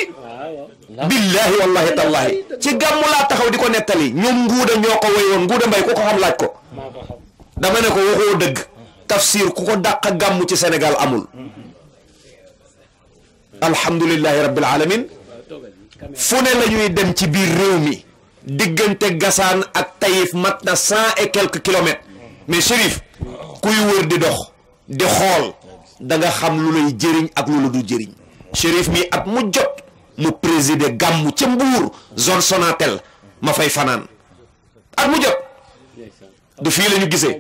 [SPEAKER 2] billahi wallahi tallahi ci gàmmu laa taxaw di ko nettali ñoom nguuda ñoo ko woy woon nguuda mbay ku ko xam laaj ko dama ne ko waxoo dëgg tafsir ku ko dàq gàmmu ci Sénégal amul alhamdulillahi rabbil alamin fu ne la dem ci biir réew mi diggante gasaan ak tayif mat na cent et quelques kilomètres mais Chérif kuy wër di dox di xool da xam lu lay jëriñ ak lu la du jëriñ Chérif mi at mu jot mu présider gàmmu ca Mbuur zone Sonatel ma fay fanaan at mu jot du fii la ñu gisee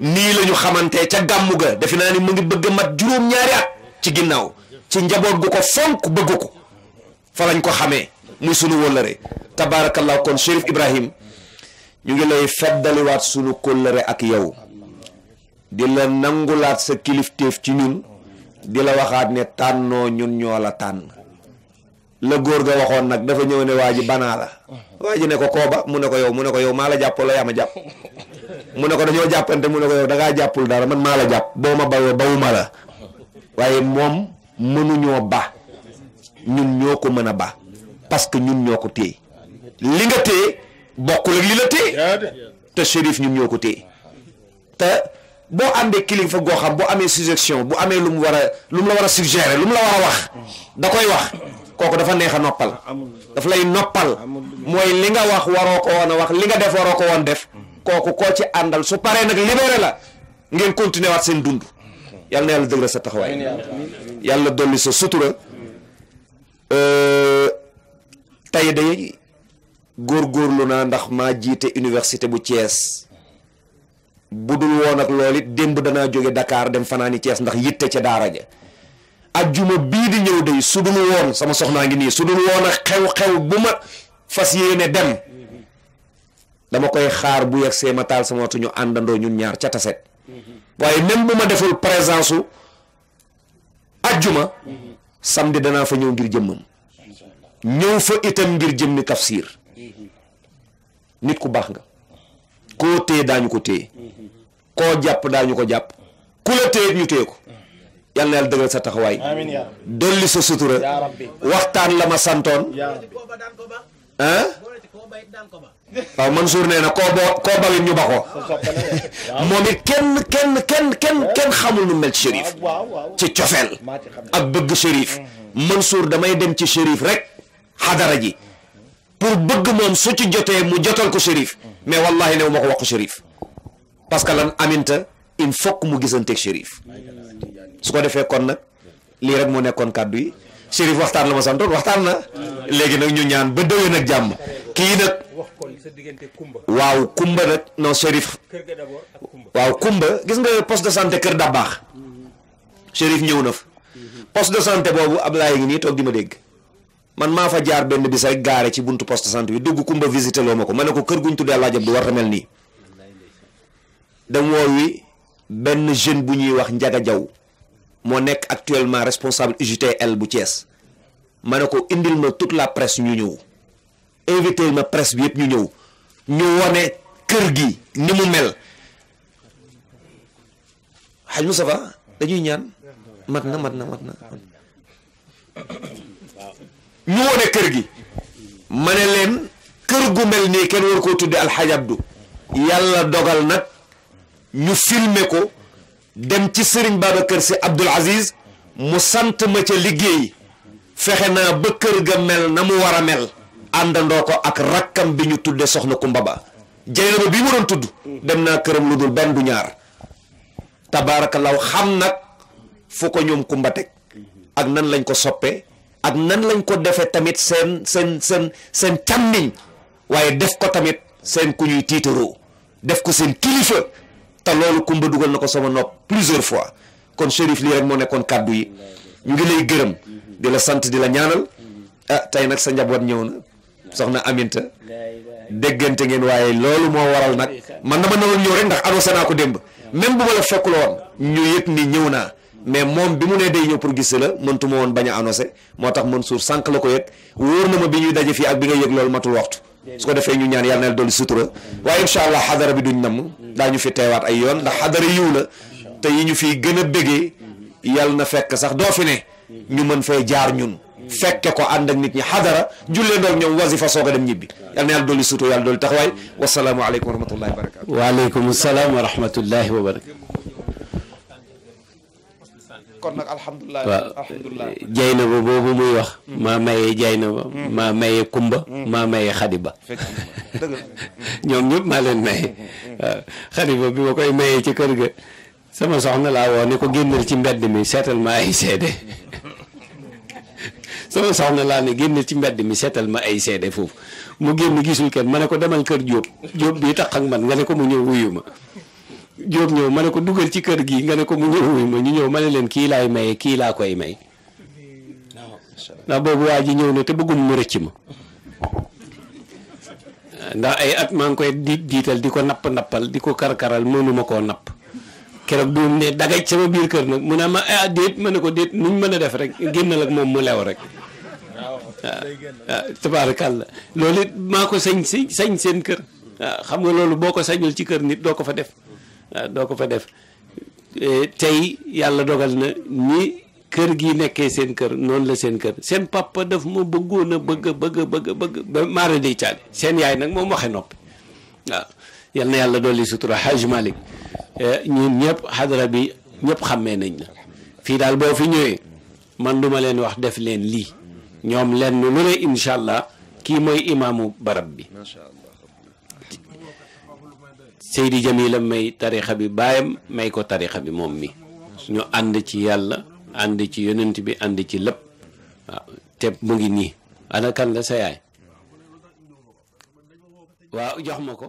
[SPEAKER 2] nii lañu xamante ca gàmmu ga defe naa ni mu ngi bëgg mat juróom-ñaari at ci ginnaaw ci njaboot gu ko fonk bëgg ko fa lañ ko xamee muy sunu wóllëre tabaarakallah kon Chérif Ibrahim ñu ngi lay feddaliwaat sunu kóllëre ak yow di la nangulaat sa kilifteef ci ñun di la waxaat ne tànnoo ñun ñoo la tànn la góor ga waxoon nag dafa ñëw ne waa ji banaa la uh-huh. ne ko kooba mu ne ko yow mu ne ko yow maa la jàpp la yaa jàpp (laughs) mu ne ko dañoo jàppante mu ne ko yow da jàppul dara man maa la jàpp boo ma bawee bawuma la uh-huh. waaye moom mënuñoo ba ñun ñoo ko mën a ba parce que ñun ñoo ko téye li nga téye bokkul ak li la téye te shérif ñun ñoo ko téye te boo àndee kilifa goo xam boo amee suggestion bu amee lu mu war lu mu la war a suggérer lu mu la war a wax uh-huh. da koy wax kooku dafa neex a noppal daf lay noppal mooy li nga wax waroo ko woon a wax li nga def waroo ko woon def kooku koo ci àndal su paree nag libéré la ngeen continuer waat seen dund yàlla na sa taxawaay yàlla dolli sa sutura euh, tey day góorlu naa ndax maa jiite université bu Thiès bu dul woon ak loolu it démb danaa jóge Dakar dem fanaani Thiès ndax yitte ca daara ja ajjuma bii di ñëw day su dul woon sama soxnaa ngi nii su dul woon a xew-xew bu ma fas ne dem dama koy xaar bu yegsee ma taal sama watu àndandoo ñun ñaar ca taset waaye même bu ma deful présence su ajjuma samedi danaa fa ñëw ngir jëmmam ñëw fa itam ngir jëmmi tafsir nit ku baax nga koo téye daañu ko téye koo jàpp daañu ko jàpp ku la téye ñu téye ko yal na yàlla dëggal sa taxawaay dolli sa sutura
[SPEAKER 4] waxtaan la ma santoon
[SPEAKER 2] ah waaw Mansour na koo boo koo ñu ba ko moom it kenn kenn kenn kenn kenn xamul nu mel ci Chérif ci cofeel ak bëgg Chérif mhm. Mansour damay dem ci Chérif rek xadara ji pour bëgg moom su ci jotee mu jotal ko Chérif mhm. mais wallahi new ma ko wax ko Chérif aminta il faut mu gisanteeg Chérif su ko defee kon nag lii rek moo nekkoon kàddu yi Chérif waxtaan la ma santoon waxtaan na léegi nag ñu ñaan ba déwén ak jàmm kii nag waaw Kumba nag non Chérif waaw Kumba gis nga poste de santé Kër Dabaax Chérif ñëw na fa poste de santé boobu ab Ablaye ngi nii toog di ma dégg man maa fa jaar benn bi rek gaare ci buntu post de santé bi dugg Kumba visité loo ma ko ma ne ko kër guñ tuddee laajab du war a mel nii dam woow wi benn jeune bu ñuy wax Njaga Jaw moo nekk actuellement responsable UJTL bu Thiès ma ne ko indil ma toute la presse ñu ñëw invité ma presse bi yëpp ñu ñëw ñu wane kër gi ni mu mel xaj Moustapha dañuy ñaan mat na mat na mat na ñu wane kër gi ma ne leen kër gu mel nii kenn war koo tudde alxaj yàlla dogal nag ñu filmer ko dem ci sëriñ kër si Abdoul Aziz mu sant ma ca liggéey fexe naa ba kër ga mel na mu war a mel àndandoo ko ak rakkam bi ñu tuddee soxna Kumba Ba Jeynaba bi mu doon tudd dem naa këram lu dul benn du ñaar tabaarakallaahu xam nag fu ko ñoom Kumba teg ak nan lañ ko soppe ak nan lañ ko defe tamit seen seen seen seen càmmiñ waaye def ko tamit seen ku ñuy tiitaroo def ko seen kilifa te loolu kumba dugal na ko sama nopp plusieurs fois kon Chérif lii rek moo nekkoon kàddu yi ñu ngi lay gërëm di la sant di la ñaanal ah tey nag sa njaboot ñëw na soxna Aminta déggante ngeen waaye loolu moo waral nag man dama nawoon ñëw rek ndax annoncé naa ko démb même bu ma la fekkul woon ñu yëg ni ñëw naa mais moom bi mu nee day ñëw pour gis la mëntuma woon bañ a annoncé moo tax man Mansour sànq la ko yëg wóor na ma bi ñuy daje fii ak bi nga yëg loolu matul waxtu su ko defee ñu ñaan yàlla na dolli sutura waaye incha allah xadara bi duñ namm daañu fi teewaat ay yoon ndax xadara yiw la te yi ñu fiy gën a bëggee yàlla na fekk sax doo fi ne ñu mën fee jaar ñun fekke ko ànd ak nit ñi xadara jullee ndoog ñoom wasifa soog a dem ñibbi yàlla na yàlla dolli sutura yàlla dolli taxawaay wasalaamu aleykum wa wa barakatu
[SPEAKER 5] waaleykum salaam wa rahmatullahi wa
[SPEAKER 2] kon nag alhamdulilah ba boobu muy wax hmm. maa maye jay na ba hmm. maa maye kumba hmm. maa maye xadiba (laughs) ñoom ñëpp maa leen maye waaw xadiba bi ma koy maye ci kër ga sama soxna laa woo ne ko génnal ci mbedd mi seetal ma (laughs) laa ne génnal ci mbedd mi seetal ma ay seede foofu mu génn gisul kenn ma ne ko demal kër jóob jóob bii tax ak man nga ne ko mu ñëw wuyu ma Diop ñëw ma ne ko dugal ci kër gi nga ne ko mu ñëw ma ñu ñëw ma ne leen kii laay maye kii laa koy may ndax boobu waa ji ñëw na te bëggum mu rëcc ma ndax ay at maa ngi koy di diital di ko napp nappal di ko kar karkaral mënuma koo napp keroog bi mu ne dagaj sama biir kër nag mu ne ma ah déet ma ne ko déet nuñ mën a def rek génnal ak moom mu lew rek waaw ah, tabaarakàlla loolu it maa ko sañ si sañ seen kër ah, xam nga loolu boo ko sañul ci kër nit doo ko fa def doo ko fa def eh, tey yàlla dogal na ni kër gi nekkee seen kër noonu la seen kër seen papa daf ma bëggoon a bëgg bëgg bëgg bëgg ba maara day caali seen yaay nag moom waxe noppi waaw yal na yàlla dolli sutura Haj Malick eh, ñun ñëpp xadara bi ñëpp xàmmee nañ la fii daal boo fi ñëwee man duma leen wax def leen lii ñoom lenn lu ne incha allah kii mooy imaamu barab bi Seydi Jamila may tarixa bi baayam may ko tarixa bi moom mi ñu ànd ci yàlla ànd ci yonent bi ànd ci lépp waaw te mu ngi nii ana la sa yaay waaw jox ma ko